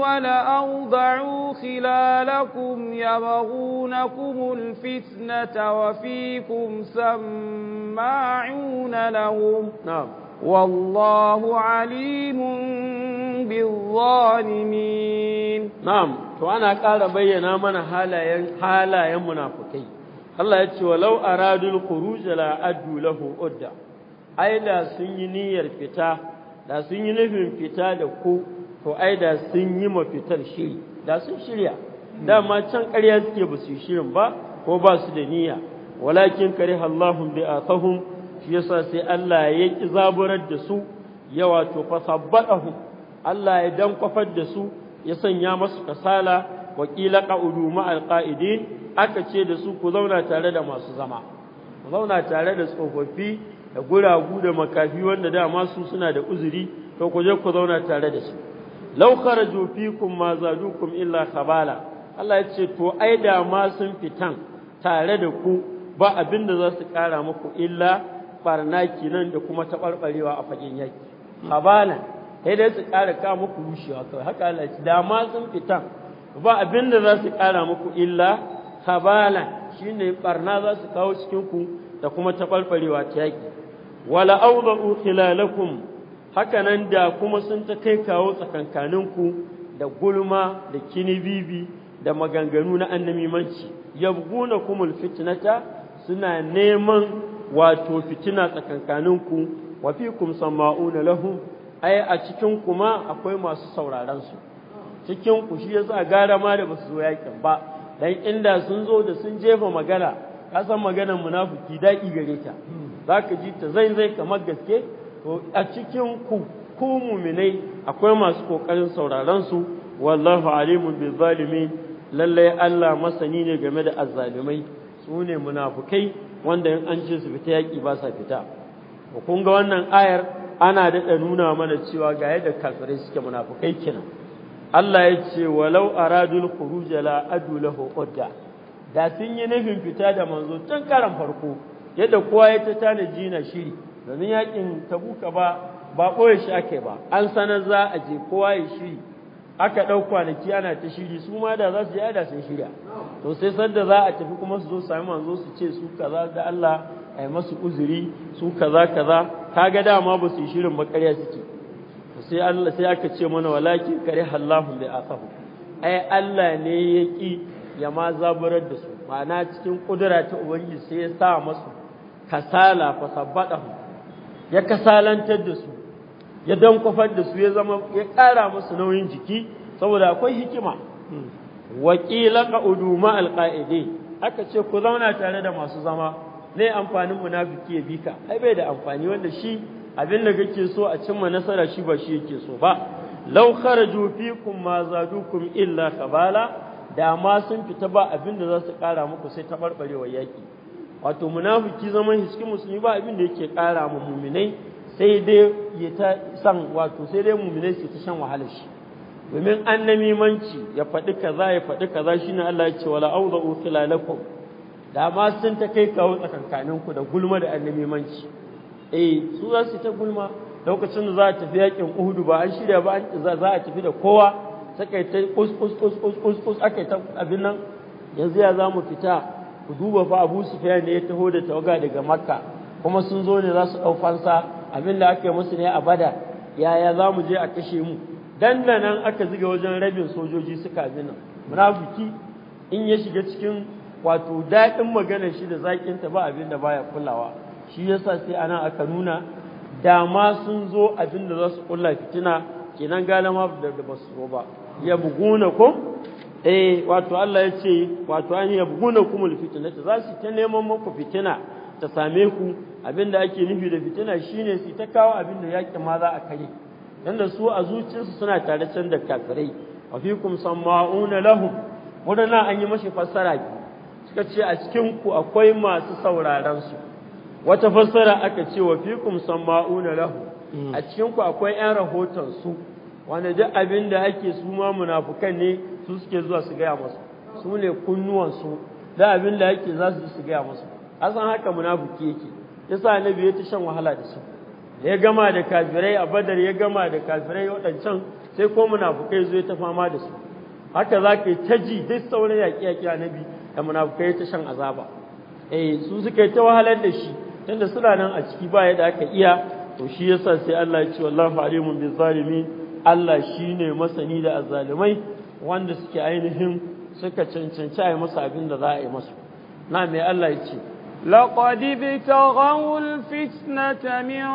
ولأوضعوا خلالكم يبغونكم الفتنة وفيكم سماعون لهم نعم والله عليم بالظالمين نعم تو أنا قال بينا من حالا ينمنافقين Allah ya ce walau aradul khuruj la adu lahu udda ai da sun yi niyyar fita da sun yi nufin fita da ku to ai da sun yi mafitar shiri da sun shirya dama can ƙarya suke ba su shirin ba ko ba su da niyya walakin kariha Allahu bi atahum shi yasa sai Allah ya ki zaburar da su ya wato fasabbahu Allah ya dan kwafar da su ya sanya masu kasala wa kila qa'udu ma'al qa'idin aka ce da su ku zauna tare da masu zama ku zauna tare da tsofaffi da guragu da makafi wanda dama su suna da uzuri to ku je ku zauna tare da su law kharaju fikum ma zadukum illa khabala Allah ya ce to ai da ma sun fitan tare da ku ba abin da za su kara muku illa barna nan da kuma taɓarɓarewa a fagen yaki khabala sai dai su kara ka muku rushewa kawai haka Allah ya ce da ma sun fitan ba abin da za su ƙara muku illa habala ne ɓarna za su kawo cikinku da kuma taɓarɓarewa ta yaƙi wala awdhu Haka hakanan da kuma sun ta kai kawo tsakankaninku da gulma da kinibibi da maganganu na annamimanci yabguna kumul fitnata suna neman wato fitina tsakankaninku wa sama'u na lahum ai a cikin kuma akwai masu sauraron su cikin ku shi yasa gara ma da basu zo yakin ba dan inda sun zo da sun jefa magana ka san maganar munafiki daki gare ta zaka ji ta zai zai kamar gaske to a cikin ku ku muminai akwai masu kokarin sauraron su wallahu alimun bil zalimin lalle Allah masani ne game da azzalimai su ne munafukai wanda in an ce su fita yaki ba sa fita kun ga wannan ayar ana daɗa nuna mana cewa ga yadda kafirai suke munafukai kenan Allah ya ce walau aradul khuruj la adu lahu udda da sun yi nufin fita da manzo tun karan farko yadda kowa ya ta tanaji na shiri domin yakin tabuka ba ba koyi shi ake ba an sanar za a je kowa ya shiri aka ɗau kwanaki ana ta shiri su ma da za su je da sun shirya to sai sanda za a tafi kuma su zo sami manzo su ce su kaza da Allah ai masu uzuri su kaza kaza kaga dama ba su shirin ba ƙarya suke sai Allah sai aka ce mana walakin kare Allahu bi asahu ai Allah ne ya ki ya ma zaburar da su ma'ana cikin kudura ta ubangiji sai ya sa masu kasala fa sabbadahu ya kasalantar da su ya dankofar da su ya zama ya ƙara musu nauyin jiki saboda akwai hikima waqila ƙa'udu ma aka ce ku zauna tare da masu zama ne amfanin munafiki ya bika ka ai bai da amfani wanda shi abin da kake so a cimma nasara shi ba shi yake so ba law kharaju fikum ma zadukum illa khabala da ma sun fita ba abin da za su kara muku sai tabarbarewa yaki wato munafiki zaman hiskin musulmi ba abin da yake kara mu muminai sai dai ya ta san wato sai dai muminai su ta shan wahala shi domin an namimanci ya faɗi kaza ya faɗi kaza shine Allah ya ce wala awda'u lakum da ma sun ta kai kawo tsakankaninku da gulma da annami manci. eh su za su ta gulma lokacin da za a tafi yakin uhudu ba an shirya ba za a tafi da kowa sakai ta kus kus kus kus kus kus akai ta abin nan yanzu ya zamu fita ku duba fa Abu Sufyan ne ya taho da tawaga daga Makka kuma sun zo ne za su dau fansa abin da ake musu ne a bada yaya za mu je a kashe mu dan nan aka ziga wajen rabin sojoji suka abin nan munafiki in ya shiga cikin wato daɗin maganar shi da zaƙinta ba abin da baya kulawa shi yasa sai ana aka nuna dama sun zo abin da za su kulla fitina kenan galama da ba su zo ba ya buguna ku? eh wato Allah ya ce wato an ya buguna ku mul fitina ta za su ta neman muku fitina ta same ku abin da ake nufi da fitina shine su ta kawo abin da yaƙi ma za a kare dan su a zuciyarsu suna tare can da kafirai wa fikum sama'una lahum wadannan an yi mashi fassara suka ce a cikin ku akwai masu sauraron su wata fassara aka ce wa fikum sama'una lahu mm. a cikin ku akwai ƴan rahoton su wanda duk abin da ake su ma munafukan ne su suke zuwa su gaya masu su ne kunnuwan su da abin da ake za su su gaya masu asan haka munafiki yake yasa annabi ya ta shan wahala da su ya gama da kafirai a badar ya gama da kafirai waɗancan sai ko munafukai zo ya ta fama da su haka za ka yi ta ji duk sauran yaƙi-yaƙi annabi da munafukai ta shan azaba eh su suka yi ta wahalar da shi tunda suna nan a ciki ba yadda aka iya to shi yasa sai Allah ya ce wallahu alimun bil zalimin Allah shine masani da azzalimai wanda suke ainihin suka cancanci a yi musu abin da za a yi musu na mai Allah ya ce لقد ابتغوا الفتنة من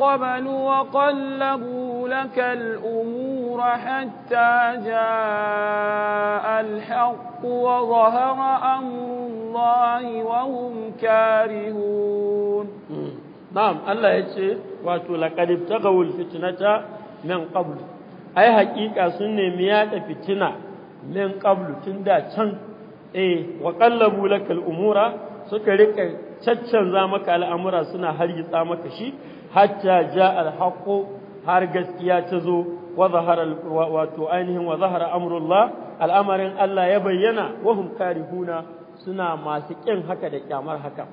قبل وقلبوا لك الأمور حتى جاء الحق وظهر أمر الله وهم كارهون نعم الله يتشي واتو لقد ابتغوا الفتنة من قبل أي حقيقة سنة ميات فتنة من قبل تندى تن إيه وقلبوا لك الأمور suka rika caccanza maka al'amura suna hargitsa maka shi hatta ja alhaƙo har gaskiya ta zo wa wato ainihin wa zahara amrullah al'amarin Allah ya bayyana wa huna suna masu ƙin haka da ƙyamar haka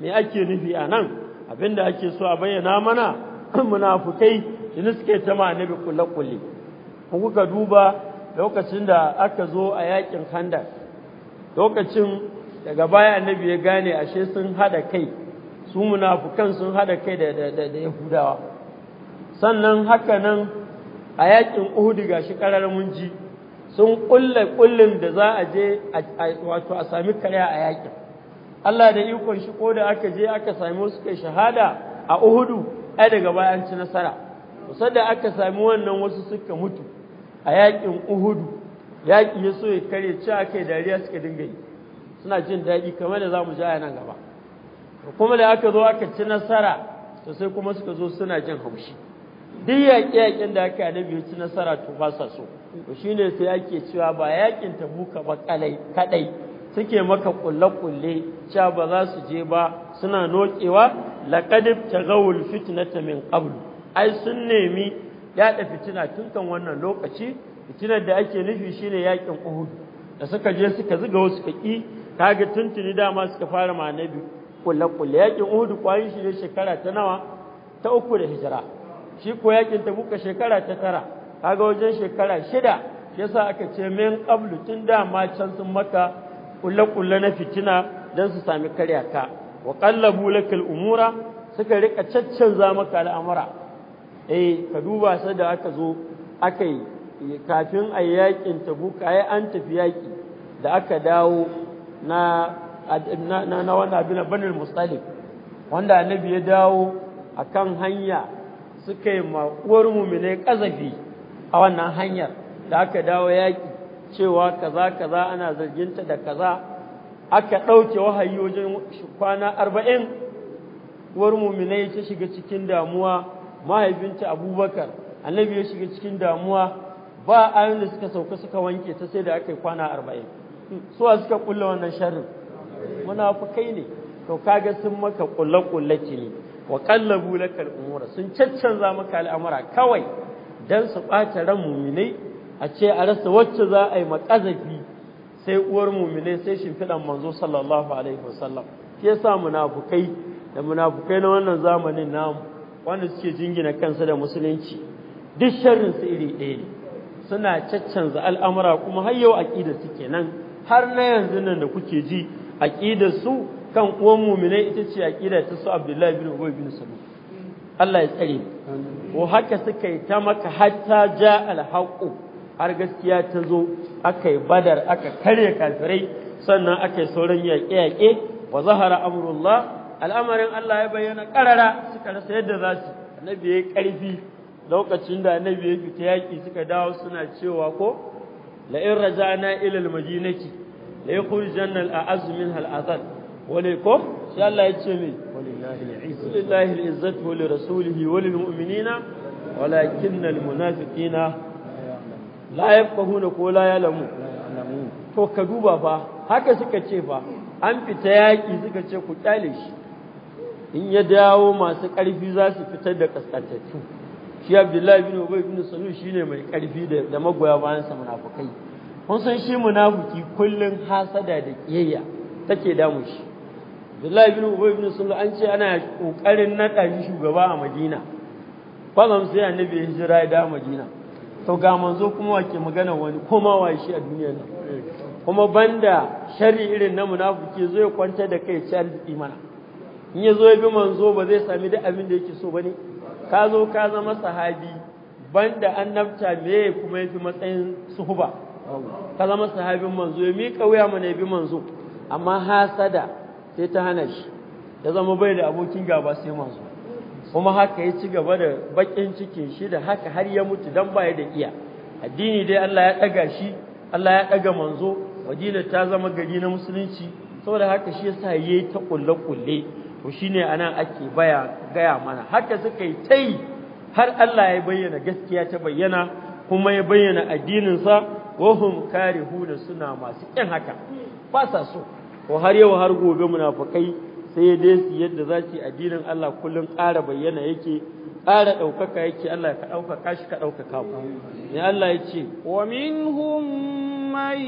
me ake nufi anan abinda ake so a bayyana mana munafukai da suke ta ma annabi kullu kullu kuka duba lokacin da aka zo a yaƙin handa lokacin daga baya annabi ya gane ashe sun hada kai su munafukan sun hada kai da da yahudawa sannan haka nan a yakin uhud gashi karar mun ji sun kulle kullin da za a je wato a sami karya a yakin Allah da ikon shi ko da aka je aka sami wasu kai shahada a uhudu ai daga baya an ci nasara kusa da aka sami wannan wasu suka mutu a yakin uhudu yaƙi ya so ya kare ci aka dariya suka dinga yi suna jin daɗi kamar da za mu ji nan gaba kuma da aka zo aka ci nasara to sai kuma suka zo suna jin haushi duk yaƙe-yaƙen da aka yi biyu ci nasara to ba sa so to shine sai ake cewa ba yaƙin ta buka ba kalai kadai suke maka kulle-kulle cewa ba za su je ba suna nokewa laqad tagawul fitnata min qabl ai sun nemi yaɗa fitina tun kan wannan lokaci fitinar da ake nufi shine yaƙin Uhud da suka je suka zuga wasu kaki kaga tuntuni dama suka fara ma annabi kullu yakin uhudu kwayin shi ne shekara ta nawa ta uku da hijira shi ko yakin ta buka shekara ta tara kaga wajen shekara shida yasa aka ce min qablu tun dama can sun maka kullu na fitina dan su sami karya ka wa qallabu lakal umura suka rika za maka al'amura eh ka duba sai da aka zo aka yi kafin a yakin tabuka ai an tafi yaki da aka dawo na na abin banin mustalif wanda annabi ya dawo akan hanya suka yi ma uwar mu'mine kazafi a wannan hanyar da aka dawo yaki cewa kaza kaza ana zarginta da kaza aka ɗauke wahayi wajen kwana arba'in uwar muminai ya shiga cikin damuwa mahaifinta abubakar annabi ya shiga cikin damuwa ba ayoyin da suka sauka suka wanke ta sai da aka yi kwana arba'in suwa suka kulla wannan sharrin munafukai ne to kaga sun maka kulle-kulle ne wa qallabu lakal umura sun caccanza maka al'amura kawai dan su ɓata ran mu'minai a ce a rasa wacce za a yi makazafi sai uwar mu'minai sai shimfiɗan manzo sallallahu alaihi wasallam shi sa munafukai da munafukai na wannan zamanin namu wanda suke jingina kansa da musulunci duk sharrin iri ɗaya ne suna caccanza al'amura kuma har yau aƙida suke nan. har na yanzu nan da kuke ji aqidar su kan uwan mu'minai ita ce aƙida ta su Abdullahi bin Ubay bin Salul Allah ya tsare ko haka suka yi ta maka hatta ja alhaƙo har gaskiya ta zo aka yi badar aka karya kafirai sannan aka yi sauran yaƙe-yaƙe wa zahara amurullah al'amarin Allah ya bayyana ƙarara suka rasa yadda za su annabi ya ƙarfi lokacin da annabi ya fita yaƙi suka dawo suna cewa ko la in raja'na ila al-madinati la yukhrijanna al-a'azz minha al-azal walaikum sai Allah ya ce me walillahi al-izzatu wa li rasulihi wa lil mu'minina walakinna al-munafiqina la yafqahuna ko la ya'lamu to ka duba fa haka suka ce fa an fita yaki suka ce ku kyale shi in ya dawo masu ƙarfi za su fitar da kaskantattu shi abdullahi bin ubay bin shi shine mai karfi da da magoya bayan sa munafukai kun san shi munafuki kullun hasada da kiyayya take mu shi abdullahi bin ubay bin salul an ce ana kokarin nada shi shugaba a madina kwazam sai annabi ya hijira da madina to ga manzo kuma wake magana wani koma wai shi a duniya nan kuma banda sharri irin na munafiki zo ya kwanta da kai ci imana in ya zo ya bi manzo ba zai sami duk abin da yake so ba ne ka zo ka zama sahabi banda annabta me kuma yafi matsayin suhuba ka zama sahabin manzo ya mika wuya mana bi manzo amma hasada sai ta hana shi ya zama bai da abokin gaba sai manzo kuma haka ya ci gaba da bakin cikin shi da haka har ya mutu dan baya da iya addini dai Allah ya ɗaga shi Allah ya ɗaga manzo wadina ta zama gari na musulunci saboda haka shi ya yasa yayi ta kulle kulle to shine anan ake baya gaya mana haka suka yi tai har Allah ya bayyana gaskiya ta bayyana kuma ya bayyana addinin sa kare karihuna suna masu kin haka ba sa so ko har yau har gobe munafikai sai dai su yadda za su addinin Allah kullum ƙara bayyana yake ƙara ɗaukaka yake Allah ka ɗaukaka shi ka ɗaukaka mu ne Allah ya ce wa minhum man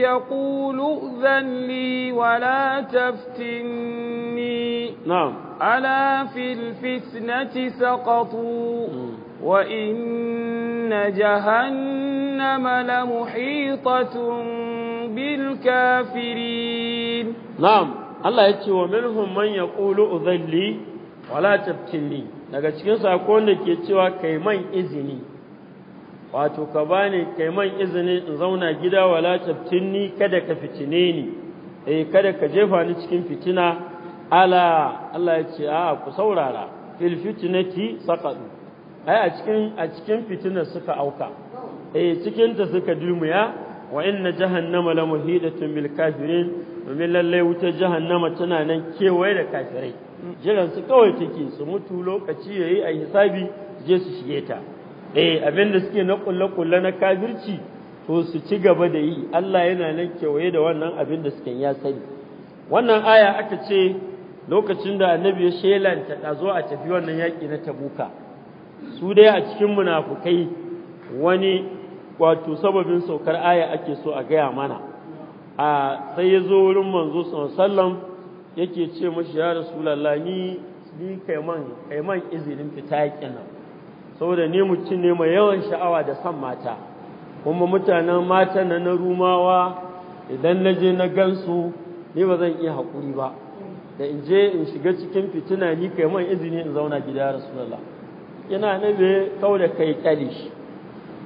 yaqulu zalli wa la taftinni na'am ala fil ci saqatu mm. wa inna jahannama la muhitatun bil kafirin na'am Allah ya ce wa minhum man yaqulu zalli wa la taftinni daga cikin sakon da ke cewa kai man izini wato ka bani kai man izini in zauna gida wala tabtinni kada ka fitine ni eh kada ka jefa ni cikin fitina ala Allah ya ce a ku saurara fil fitnati saqadu ai a cikin a cikin fitina suka auka eh cikin ta suka dulmuya wa inna jahannama la muhidatun bil kafirin domin lallai wutar jahannama tana nan kewaye da kafirai jiran su kawai take su mutu lokaci yayi a hisabi je su shige ta eh da suke na kulle kulle na kafirci to su ci gaba da yi Allah yana nan kewaye da wannan abin da suke ya sani wannan aya aka ce lokacin da annabi ya shelanta ta zo a tafi wannan yaki na tabuka su dai a cikin munafukai wani wato sababin saukar aya ake so a gaya mana a sai ya zo wurin manzo sallam yake ce mashi ya rasulallah ni ni kaiman kaiman izinin fita yakin nan saboda ni mutum ne mai yawan sha'awa da san mata kuma mutanen mata na na rumawa idan na je na gansu ni ba zan iya haƙuri ba da in je in shiga cikin fitina ni kaiman izini in zauna gida rasulallah ina nabe kau da kai kyale shi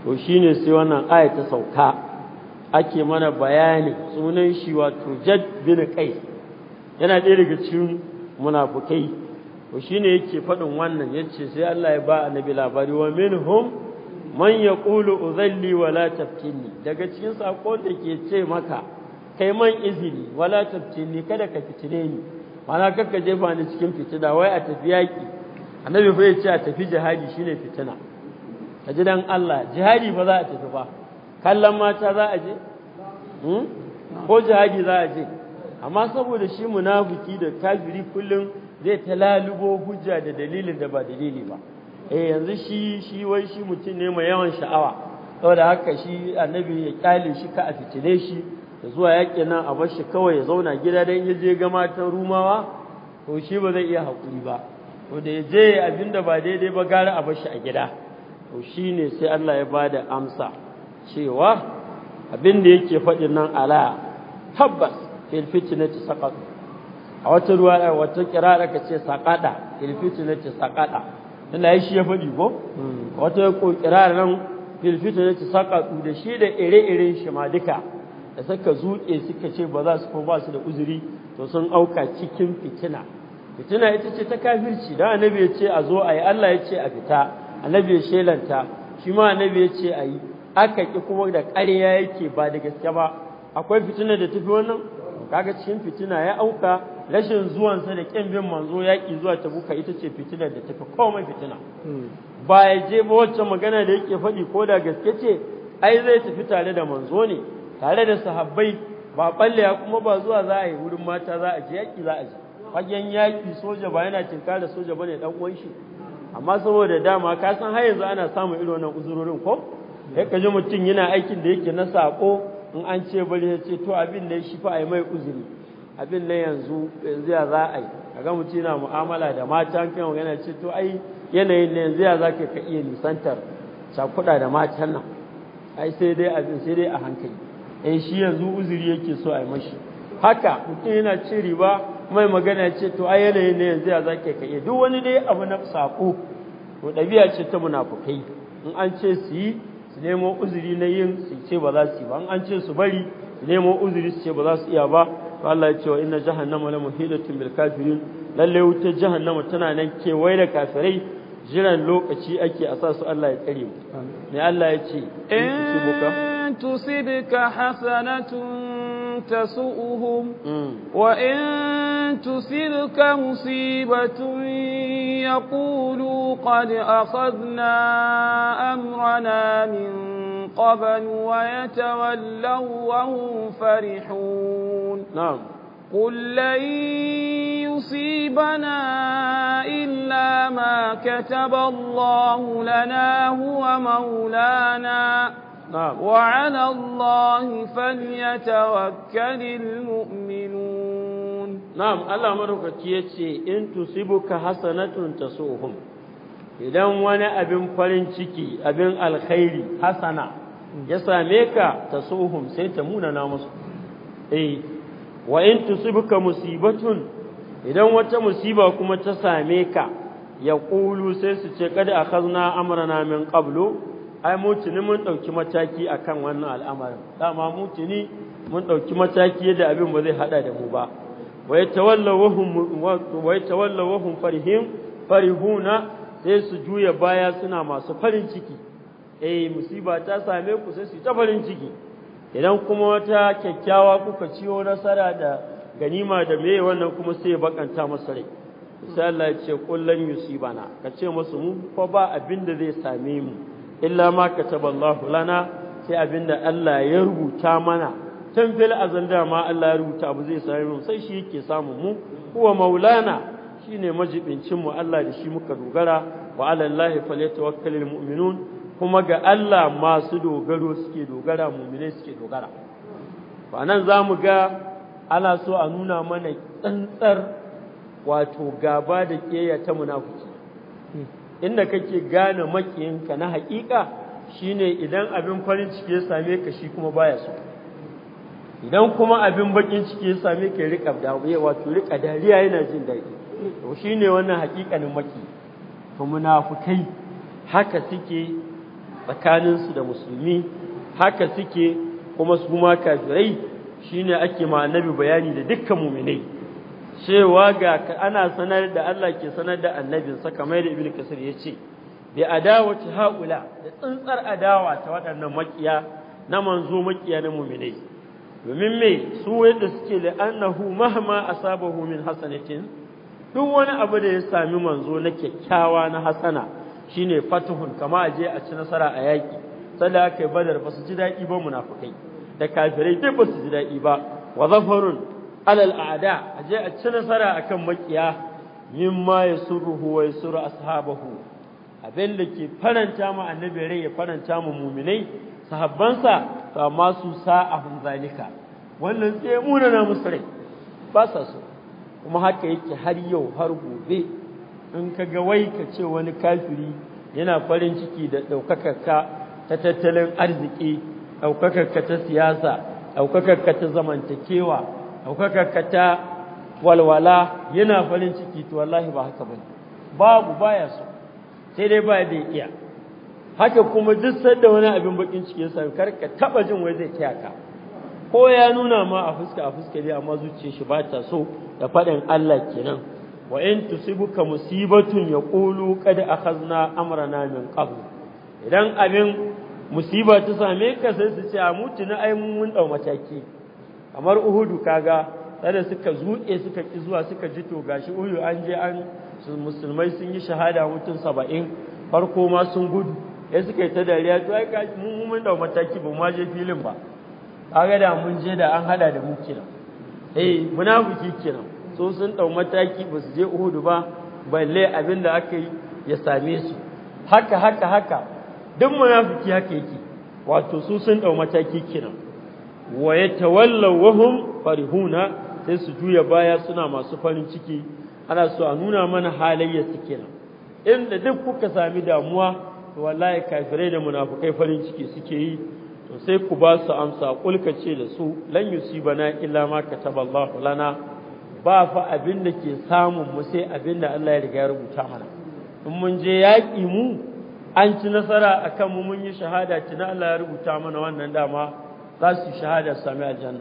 to shine sai wannan aya ta sauka ake mana bayani sunan shi wato jad bin kai yana ɗaya daga cikin munafukai to shine yake faɗin wannan yace sai Allah ya ba annabi labari wa minhum man yaqulu udhalli wa la tafkini daga cikin sako da ke ce maka kai man izini wala tafkini kada ka fitine ni mana kakka jefa ni cikin fitina wai a tafi yaki annabi fa yace a tafi jihadi shine fitina a jidan Allah jihadi ba za a tafi ba kallon mata za a je hmm? ko jihadi za a je amma saboda shi munafuki da kafiri kullum zai ta hujja da dalilin da ba dalili ba eh yanzu shi shi wai shi mutum ne mai yawan sha'awa saboda haka shi annabi ya kyale shi ka a fitile shi da zuwa yaƙi nan a bar kawai ya zauna gida don ya je ga matan rumawa to shi ba zai iya haƙuri ba to da ya je abinda ba daidai ba gara a bashi a gida to ne sai Allah ya ba da amsa cewa abin da yake faɗi nan ala tabbas fil fitnati saqat a wata ruwa a wata kirara ka ce saqada fil fitnati saqada Allah shi ya faɗi ko wata kirara nan fil fitnati saqatu da shi da ire-iren shi ma duka da saka zuke suka ce ba za su ko ba su da uzuri to sun auka cikin fitina fitina ita ce ta kafirci da annabi ya ce a zo ayi. Allah ya ce a fita annabi ya shelanta shi ma annabi ya ce ayi. aka ki kuma da ƙarya yake ba da gaske ba akwai fitina da tafi wannan kaga cikin fitina ya auka rashin zuwan sa da kin bin manzo yaƙi zuwa ta buka ita ce fitina da tafi komai fitina hmm. ba ya je ba wacce magana da yake faɗi ko da gaske ce ai zai tafi tare da manzo ne tare da sahabbai ba balle ya kuma ba zuwa za a yi wurin mata za a je yaƙi za a je fagen yaƙi soja ba yana cinka da soja bane dan uwan shi amma saboda dama ka san har yanzu ana samun irin wannan uzurorin ko ya kaji ji mutum yana aikin da yake na sako in an ce bari ya ce to abin da shi fa yi mai uzuri abin na yanzu yanzu ya za a yi a ga mutum yana mu'amala da mata kan yana ce to ai yanayin da yanzu ya za ka ka iya nisantar cakuɗa da matan nan ai sai dai abin sai dai a hankali in eh, shi yanzu uzuri yake so ai mashi haka mutum yana cin riba mai magana ce to ai yanayin ne yanzu ya za ka ka iya duk wani dai abu na sako to ɗabi'a ce ta munafukai in an ce su yi su nemo uzuri na yin su ce ba za su yi ba an ce su bari su nemo uzuri su ce ba za su iya ba to Allah ya ce wa inna jahannama la muhidatun bil kafirin lalle wuta jahannama tana nan kewaye da kafirai jiran lokaci ake a sa su Allah ya kare mu ne Allah ya ce in tusibka hasanatun تسؤهم وإن تسلك مصيبة يقولوا قد أخذنا أمرنا من قبل ويتولوا وهم فرحون نعم قل لن يصيبنا إلا ما كتب الله لنا هو مولانا نعم وعلى الله فليتوكل المؤمنون نعم الله مدوكaki yace in tusibuka hasanatun tasuhum idan wani abin farin ciki abin alkhairi hasana ya same ka tasuhum sai ta munana musu eh wa in tusibuka musibatun idan wata musiba kuma ta same ka yaqulu sai su ce kada akhazna amrana min qablu ai mutuni mun ɗauki mataki akan wannan al'amarin dama mutuni mun ɗauki mataki yadda abin ba zai haɗa da mu ba wai tawallawahum farihim farihuna sai su juya baya suna masu farin ciki eh musiba ta same ku sai su ta farin ciki idan kuma wata kyakkyawa kuka ciyo nasara da ganima da meye wannan kuma sai bakanta masa rai sai Allah ya ce kullan yusibana ce musu mu fa ba abin da zai same mu illa ma kataballahu lana sai abinda Allah ya rubuta mana tun fil azal ma Allah ya rubuta abu zai sami mu sai shi yake samu mu huwa maulana shine majibincin mu Allah da shi muka dogara wa ala llahi falyatawakkalul mu'minun kuma ga Allah masu dogaro suke dogara mu'minai suke dogara ba nan zamu ga ana so a nuna mana tsantsar wato gaba da ƙeya ta munafiki inda kake gane makiyinka na haƙiƙa shine idan abin farin ciki ya same ka shi kuma baya so idan kuma abin bakin ciki ya same ka rika dawiya wato riƙa dariya yana jin daɗi to shine wannan haƙiƙanin maki to munafukai haka suke tsakaninsu da musulmi haka suke kuma su ma kafirai shine ake ma bayani da dukkan mu'minai cewa ga ana sanar da Allah ke sanar da annabinsa kamar da ibnu kasir ya ce bi adawati haula da tsantsar adawa ta waɗannan makiya na manzo makiya na mu'minai domin me su yadda suke da annahu mahma asabahu min hasanatin duk wani abu da ya sami manzo na kyakkyawa na hasana shine fatuhun kama aje a ci nasara a yaki sada aka badar ba su ji daɗi ba munafikai da kafirai duk ba su ji daɗi ba wa zafarun alal a'da aje a ci nasara akan makiya mimma yasurruhu wa yasuru ashabahu abin da ke faranta mu annabi rai ya faranta mu mu'minai sahabbansa to amma su a zalika wannan sai muna na musu rai ba sa so kuma haka yake har yau har gobe in ka ga wai ka ce wani kafiri yana farin ciki da ɗaukakarka ta tattalin arziki ɗaukakarka ta siyasa ɗaukakarka ta zamantakewa ɗaukakakka kata walwala yana farin ciki to wallahi ba haka bane babu baya so sai dai ba da iya haka kuma duk sanda wani abin bakin ciki ya sami karka taba jin wai zai taya ka ko ya nuna ma a fuska a fuska dai amma zuciyar shi ba ta so da faɗin Allah kenan wa in tusibuka musibatun yaqulu qad akhadna amrana min qabl idan abin musiba ta same ka sai su ce a mutuna ai mun dau mataki kamar uhudu kaga sai suka zuke suka ki zuwa suka ji to gashi uhudu an je an musulmai sun yi shahada mutum saba'in farko ma sun gudu ya suka yi ta dariya to ai ka mun mun da mataki ba ma je filin ba kaga da mun je da an hada da muke kenan eh buki kiran so sun dau mataki ba su je uhudu ba balle abin da aka yi ya same su haka haka haka duk munafiki haka yake wato su sun dau mataki kiran. wa yatawallaw wahum farihuna sai su juya baya suna masu farin ciki ana so a nuna mana halayya su kenan inda duk kuka sami damuwa to wallahi kafirai da munafukai farin ciki suke yi to sai ku ba su amsa kulka ce da su lan bana, illa ma kataballahu lana ba fa abin da ke samun mu sai abin da Allah ya riga ya rubuta mana in mun je yaƙi mu an ci nasara akan mu mun yi shahada na Allah ya rubuta mana wannan dama za su shahada sami aljanna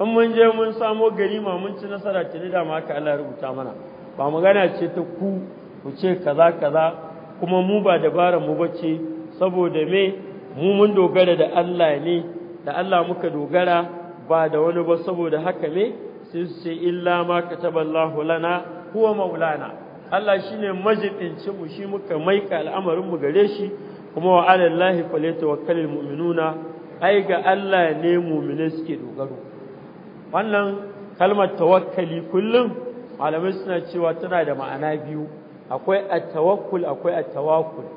in mun je mun samo ma mun ci nasara tuni da ma ka Allah rubuta mana ba magana ce ta ku ku ce kaza kaza kuma mu ba dabara mu bace saboda me mu mun dogara da Allah ne da Allah muka dogara ba da wani ba saboda haka me sai su ce illa ma kataballahu lana huwa maulana Allah shine majibincin mu shi muka maika al'amarin mu gare shi kuma wa alallahi falyatawakkalul mu'minuna ai ga Allah ne mu'mini suke dogaro wannan kalmar tawakkali kullum malamai suna cewa tana da ma'ana biyu akwai at-tawakkul akwai at-tawakkul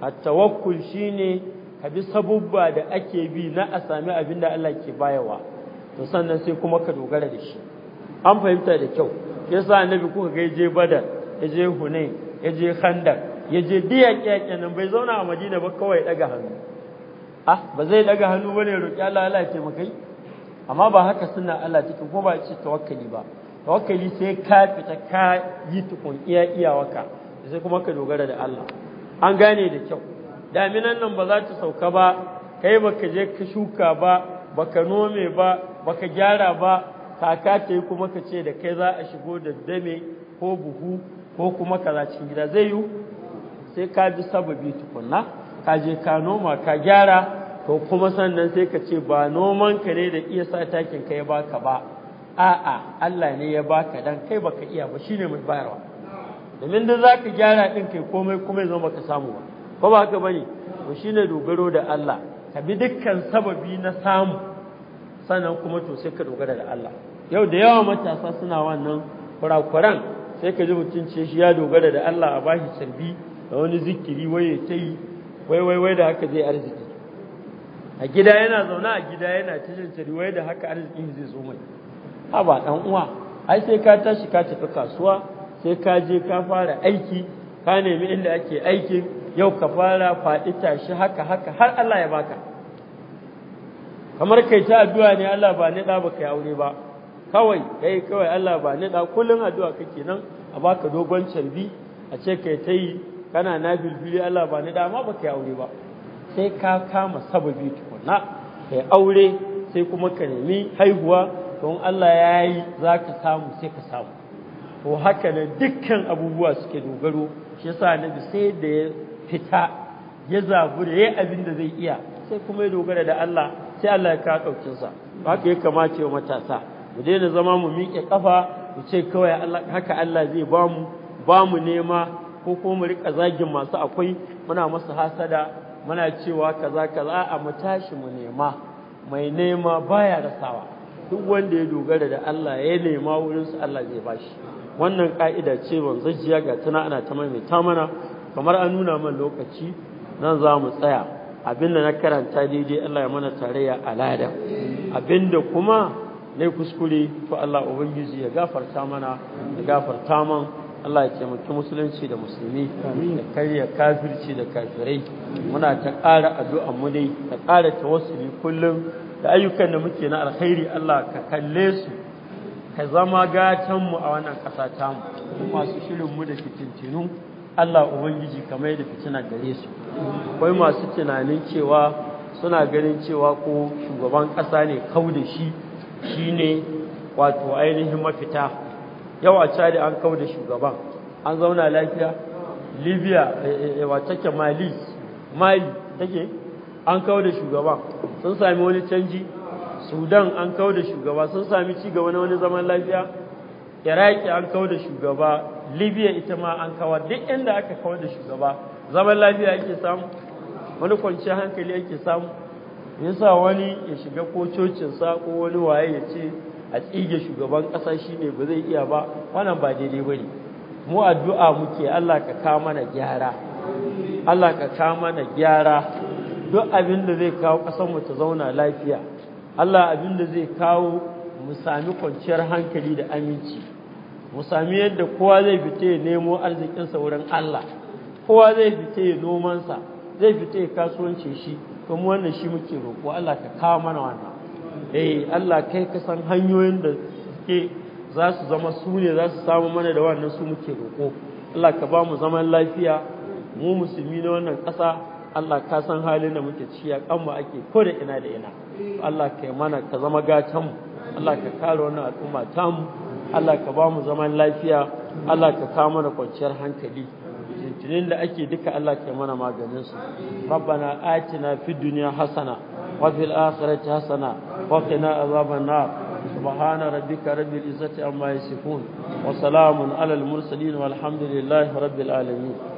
at-tawakkul shine ka bi sabubba da ake bi na a sami abin da Allah ke bayawa to sannan sai kuma ka dogara da shi an fahimta da kyau yasa annabi kuka ga je badar je hunain je khandak yaje diya kyakkyanan bai zauna a madina ba kawai daga hannu ah ba zai daga hannu bane roki Allah Allah ya taimaka amma ba haka suna Allah take kuma ba ce tawakkali ba tawakkali sai ka fita ka yi tukun iya iyawaka sai kuma ka dogara da Allah an gane da kyau daminan nan ba za ta sauka ba kai baka je ka shuka ba baka nome ba baka gyara ba kaka ta yi kuma ka ce da kai za a shigo da dame ko buhu ko kuma kaza cikin gida zai yi sai ka bi sababi tukunna ka je ka noma ka gyara to kuma sannan sai ka ce ba noman ka ne da iya sa takin kai ya baka ba a'a Allah ne ya baka dan kai baka iya ba shine mai bayarwa domin da zaka gyara din kai komai kuma yanzu baka samu ba ko ba haka bane to shine dogaro da Allah ka bi dukkan sababi na samu sannan kuma to sai ka dogara da Allah yau da yawa matasa suna wannan kurakuran sai ka ji mutum ce shi ya dogara da Allah a bashi sarbi da wani zikiri waye ta yi wai wai wai da haka zai arziki a gida yana zauna a gida yana cikin riwaya da haka arziki zai zo mai ha ba dan uwa ai sai ka tashi ka tafi kasuwa sai ka je ka fara aiki ka nemi inda ake aiki yau ka fara faɗi tashi haka haka har Allah ya baka kamar kai ta addu'a ne Allah ba ni da ba kai aure ba kawai kai kawai Allah ba ni da kullun addu'a kake nan a baka dogon canbi a ce kai ta yi kana na bilbili Allah ba ni da ma ba kai aure ba sai ka kama sababi to tukunna kai aure sai kuma ka nemi haihuwa don Allah ya yi za ka samu sai ka samu to haka ne dukkan abubuwa suke dogaro shi yasa nabi sai da ya fita ya zabu da yayi abin da zai iya sai kuma ya dogara da Allah sai Allah ya kawo daukin sa haka ya kamace wa matasa mu daina zama mu miƙe ƙafa mu ce kawai haka Allah zai ba mu nema ko kuma mu rika zagin masu akwai muna masa hasada muna cewa kaza kaza a mu tashi mu nema mai nema baya rasawa duk wanda ya dogara da Allah ya nema wurin su Allah zai bashi wannan ka'ida ce zajiya ga tana ana ta mai ta mana kamar an nuna man lokaci nan za mu tsaya abinda na karanta daidai Allah ya mana tarayya alada abinda kuma ne kuskure to Allah ubangiji ya gafarta mana ya gafarta mana Allah ya taimaki musulunci da musulmi da karya kafirci da kafirai muna ta ƙara addu'a mu dai ta ƙara tawassuli kullum da ayyukan da muke na alkhairi Allah ka kalle su ka zama gatan mu a wannan ƙasa ta mu masu shirin mu da fitintinu Allah ubangiji kamar da fitina gare su akwai masu tunanin cewa suna ganin cewa ko shugaban ƙasa ne kau da shi shine wato ainihin mafita yau a cari an kawo da shugaban an zauna lafiya libya eh, eh, eh, wacce mali mali take an kawo da shugaba sun sami wani canji sudan an kawo da shugaba sun sami gaba na wani zaman lafiya iraki an kawo da shugaba libya ita ma an kawo duk inda aka kawo da shugaba zaman lafiya ake samu wani kwanciyar hankali ake samu yasa wani ya shiga ko cocinsa ko wani waye ya ce a tsige shugaban ƙasa shi ne ba zai iya ba wannan ba daidai ba ne mu addu'a muke Allah ka kawo mana gyara Allah ka kawo mana gyara duk abin da zai kawo ƙasanmu ta zauna lafiya Allah abin da zai kawo mu sami kwanciyar hankali da aminci mu sami yadda kowa zai fita ya nemo arzikinsa wurin Allah kowa zai fita ya nomansa zai fita ya kasuwancin shi kuma wannan shi muke roƙo Allah ka kawo mana wannan eh Allah kai ka san hanyoyin da suke za su zama su ne za su samu mana da wannan su muke roƙo Allah ka ba mu zaman lafiya mu musulmi na wannan ƙasa Allah ka san halin da muke a kanmu ake ko da ina da ina Allah ka yi mana ka zama gatan mu Allah ka kare wannan al'umma ta mu Allah ka ba mu zaman lafiya Allah ka kawo mana kwanciyar hankali jinjinin da ake duka Allah ka mana maganin su rabbana atina fid dunya hasana وفي الآخرة حسنة وقنا عذاب النار سبحان ربك رب العزة عما يصفون وسلام على المرسلين والحمد لله رب العالمين